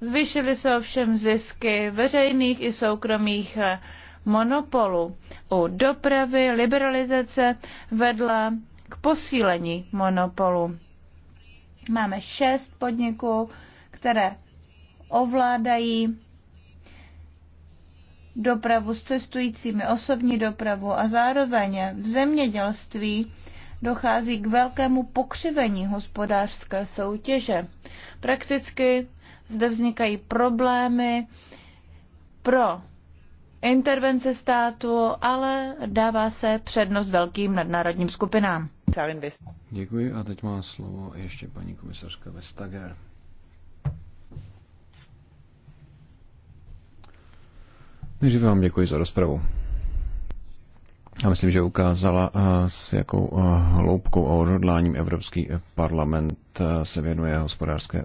Zvýšily se ovšem zisky veřejných i soukromých monopolu u dopravy, liberalizace vedla k posílení monopolu. Máme šest podniků, které ovládají dopravu s cestujícími, osobní dopravu a zároveň v zemědělství dochází k velkému pokřivení hospodářské soutěže. Prakticky zde vznikají problémy pro intervence státu, ale dává se přednost velkým nadnárodním skupinám. Děkuji a teď má slovo ještě paní komisařka Vestager. Takže vám děkuji za rozpravu. Já myslím, že ukázala, eh, s jakou eh, hloubkou a odhodláním Evropský eh, parlament se věnuje hospodářské,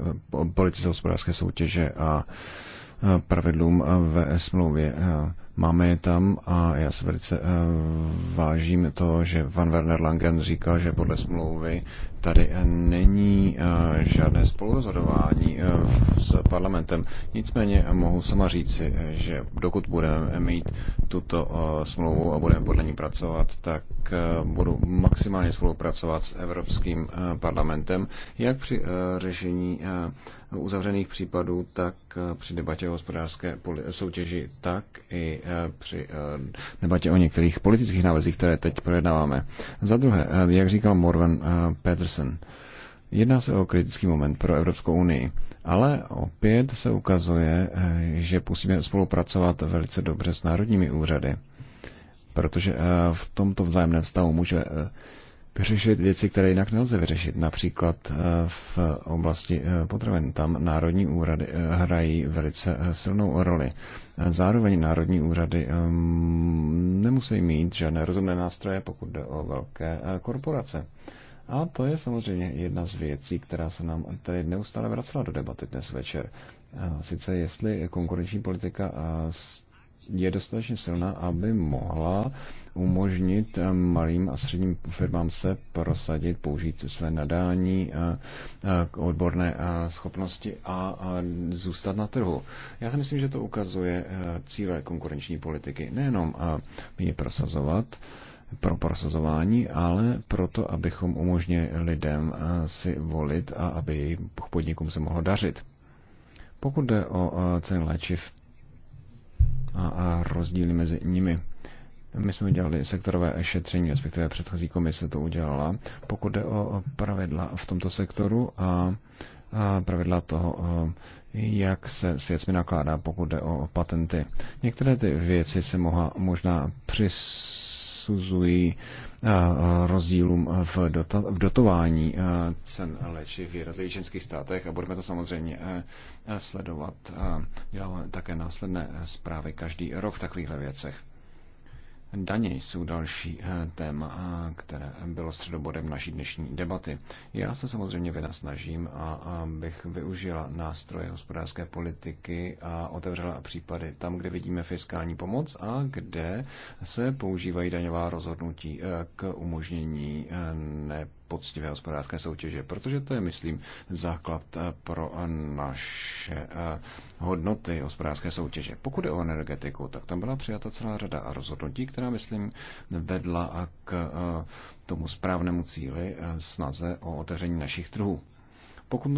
politice hospodářské soutěže a pravidlům ve smlouvě Máme je tam a já se velice eh, vážím to, že Van Werner Langen říkal, že podle smlouvy tady eh, není eh, žádné spolurozhodování s parlamentem. Nicméně mohu sama říci, že dokud budeme mít tuto smlouvu a budeme podle ní pracovat, tak budu maximálně spolupracovat s Evropským parlamentem, jak při řešení uzavřených případů, tak při debatě o hospodářské soutěži, tak i Eh, při eh, debatě o některých politických návezích, které teď projednáváme. Za druhé, eh, jak říkal Morven Peterson, jedná se o kritický moment pro Evropskou unii, ale opět se ukazuje, že musíme spolupracovat velice dobře s národními úřady, protože v tomto vzájemném vztahu může vyřešit věci, které jinak nelze vyřešit. Například eh, v oblasti eh, potravin. Tam národní úrady eh, hrají velice silnou roli. Zároveň národní úřady ehm, nemusí mít žádné rozumné nástroje, pokud jde o velké korporace. A to je samozřejmě jedna z věcí, která se nám tady neustále vracela do debaty dnes večer. Sice jestli konkurenční politika s je dostatečně silná, aby mohla umožnit eh, malým a středním firmám se prosadit, použít své nadání, eh, eh, odborné schopnosti a zůstat na trhu. Já si myslím, že to ukazuje cíle konkurenční politiky. Nejenom je prosazovat, pro prosazování, ale proto, abychom umožnili lidem si volit a aby jejich podnikům se mohlo dařit. Pokud jde o ceny léčiv, a, a rozdíly mezi nimi. My jsme udělali sektorové šetření, respektive předchozí komise to udělala, pokud jde o pravidla v tomto sektoru a pravidla toho, jak se s věcmi nakládá, pokud jde o patenty. Některé ty věci se mohla možná přis neposuzují eh, eh, rozdílům v, dota- v dotování eh, cen léčiv v jednotlivých členských státech a budeme to samozřejmě sledovat. Děláme také následné zprávy každý rok v takovýchhle věcech. Daně jsou další eh, téma, eh, které bylo středobodem naší dnešní debaty. Já se samozřejmě vynasnažím a bych využila nástroje hospodářské politiky a otevřela případy tam, kde vidíme fiskální pomoc a kde se používají daňová rozhodnutí eh, k umožnění ne poctivé hospodářské soutěže, protože to je, myslím, základ eh, pro eh, naše eh, hodnoty hospodářské soutěže. Pokud je o energetiku, tak tam byla přijata celá řada rozhodnutí, která, myslím, vedla k tomu správnému cíli snaze o otevření našich trhů. Pokud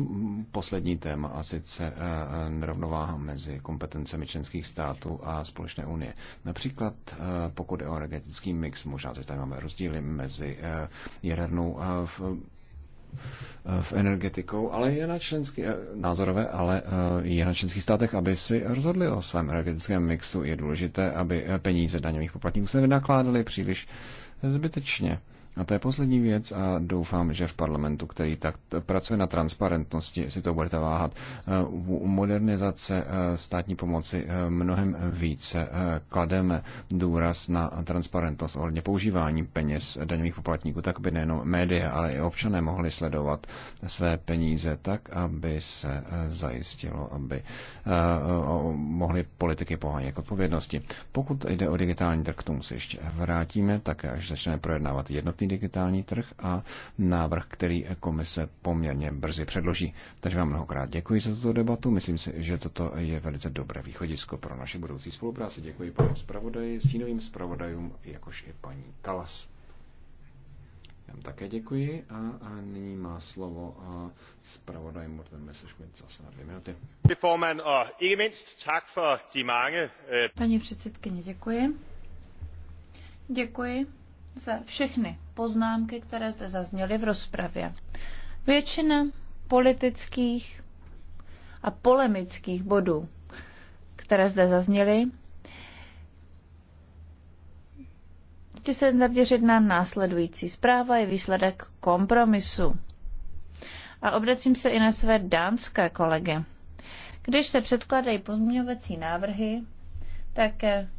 poslední téma, a sice eh, eh, nerovnováha mezi kompetencemi členských států a společné unie. Například eh, pokud je o energetický mix, možná teď tady máme rozdíly mezi jadernou v v energetikou, ale je na členský, názorové, ale je na členských státech, aby si rozhodli o svém energetickém mixu. Je důležité, aby peníze daňových poplatníků se vynakládaly příliš zbytečně. A to je poslední věc a doufám, že v parlamentu, který tak pracuje na transparentnosti, si to budete váhat. Eh, u modernizace eh, státní pomoci eh, mnohem více klademe důraz na transparentnost ohledně používání peněz daňových poplatníků, tak by nejenom média, ale i občané mohli sledovat své peníze tak, aby se zajistilo, aby mohli politiky pohánět k odpovědnosti. Pokud jde o digitální trh, k tomu se ještě vrátíme, tak až začneme projednávat jednotný digitální trh a návrh, který komise poměrně brzy předloží. Takže vám mnohokrát děkuji za tuto debatu. Myslím si, že toto je velice dobré východisko pro naše budoucí spolupráci. Děkuji panu zpravodaji, stínovým zpravodajům, jakož i paní Kalas. Já také děkuji a, a nyní má slovo a zpravodaj Morten Messerschmidt zase na dvě minuty. Øh, paní předsedkyně, děkuji. Děkuji za všechny poznámky, které zde zazněly v rozpravě. Většina politických a polemických bodů, které zde zazněly, chci se zaměřit na následující. Zpráva je výsledek kompromisu. A obracím se i na své dánské kolegy. Když se předkládají pozměňovací návrhy, tak eh,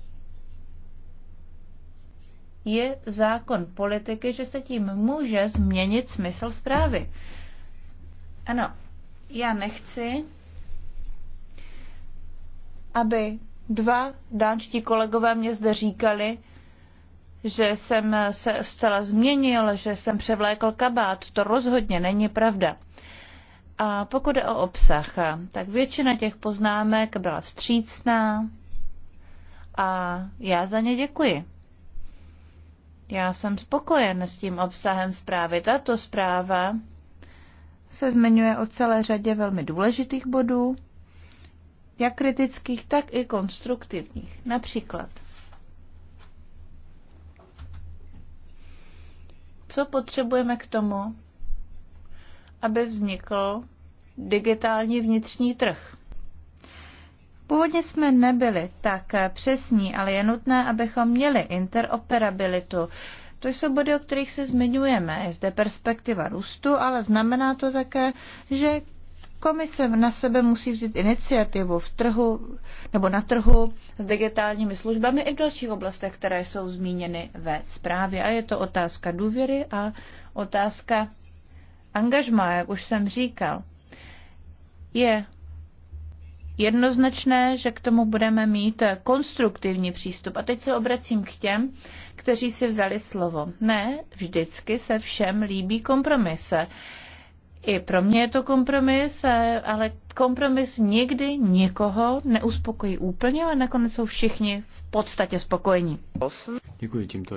je zákon politiky, že se tím může změnit smysl zprávy. Ano, já nechci, aby dva dánští kolegové mě zde říkali, že jsem se zcela změnil, že jsem převlékl kabát. To rozhodně není pravda. A pokud je o obsah, tak většina těch poznámek byla vstřícná a já za ně děkuji. Já jsem spokojen s tím obsahem zprávy. Tato zpráva se zmiňuje o celé řadě velmi důležitých bodů, jak kritických, tak i konstruktivních. Například, co potřebujeme k tomu, aby vznikl digitální vnitřní trh? Původně jsme nebyli tak eh, přesní, ale je nutné, abychom měli interoperabilitu. To jsou body, o kterých se zmiňujeme. Je zde perspektiva růstu, ale znamená to také, že komise na sebe musí vzít iniciativu v trhu nebo na trhu s digitálními službami i v dalších oblastech, které jsou zmíněny ve zprávě. A je to otázka důvěry a otázka angažma, jak už jsem říkal. Je jednoznačné, že k tomu budeme mít konstruktivní přístup. A teď se obracím k těm, kteří si vzali slovo. Ne, vždycky se všem líbí kompromise. I pro mě je to kompromis, ale kompromis nikdy nikoho neuspokojí úplně, ale nakonec jsou všichni v podstatě spokojení. Děkuji, tímto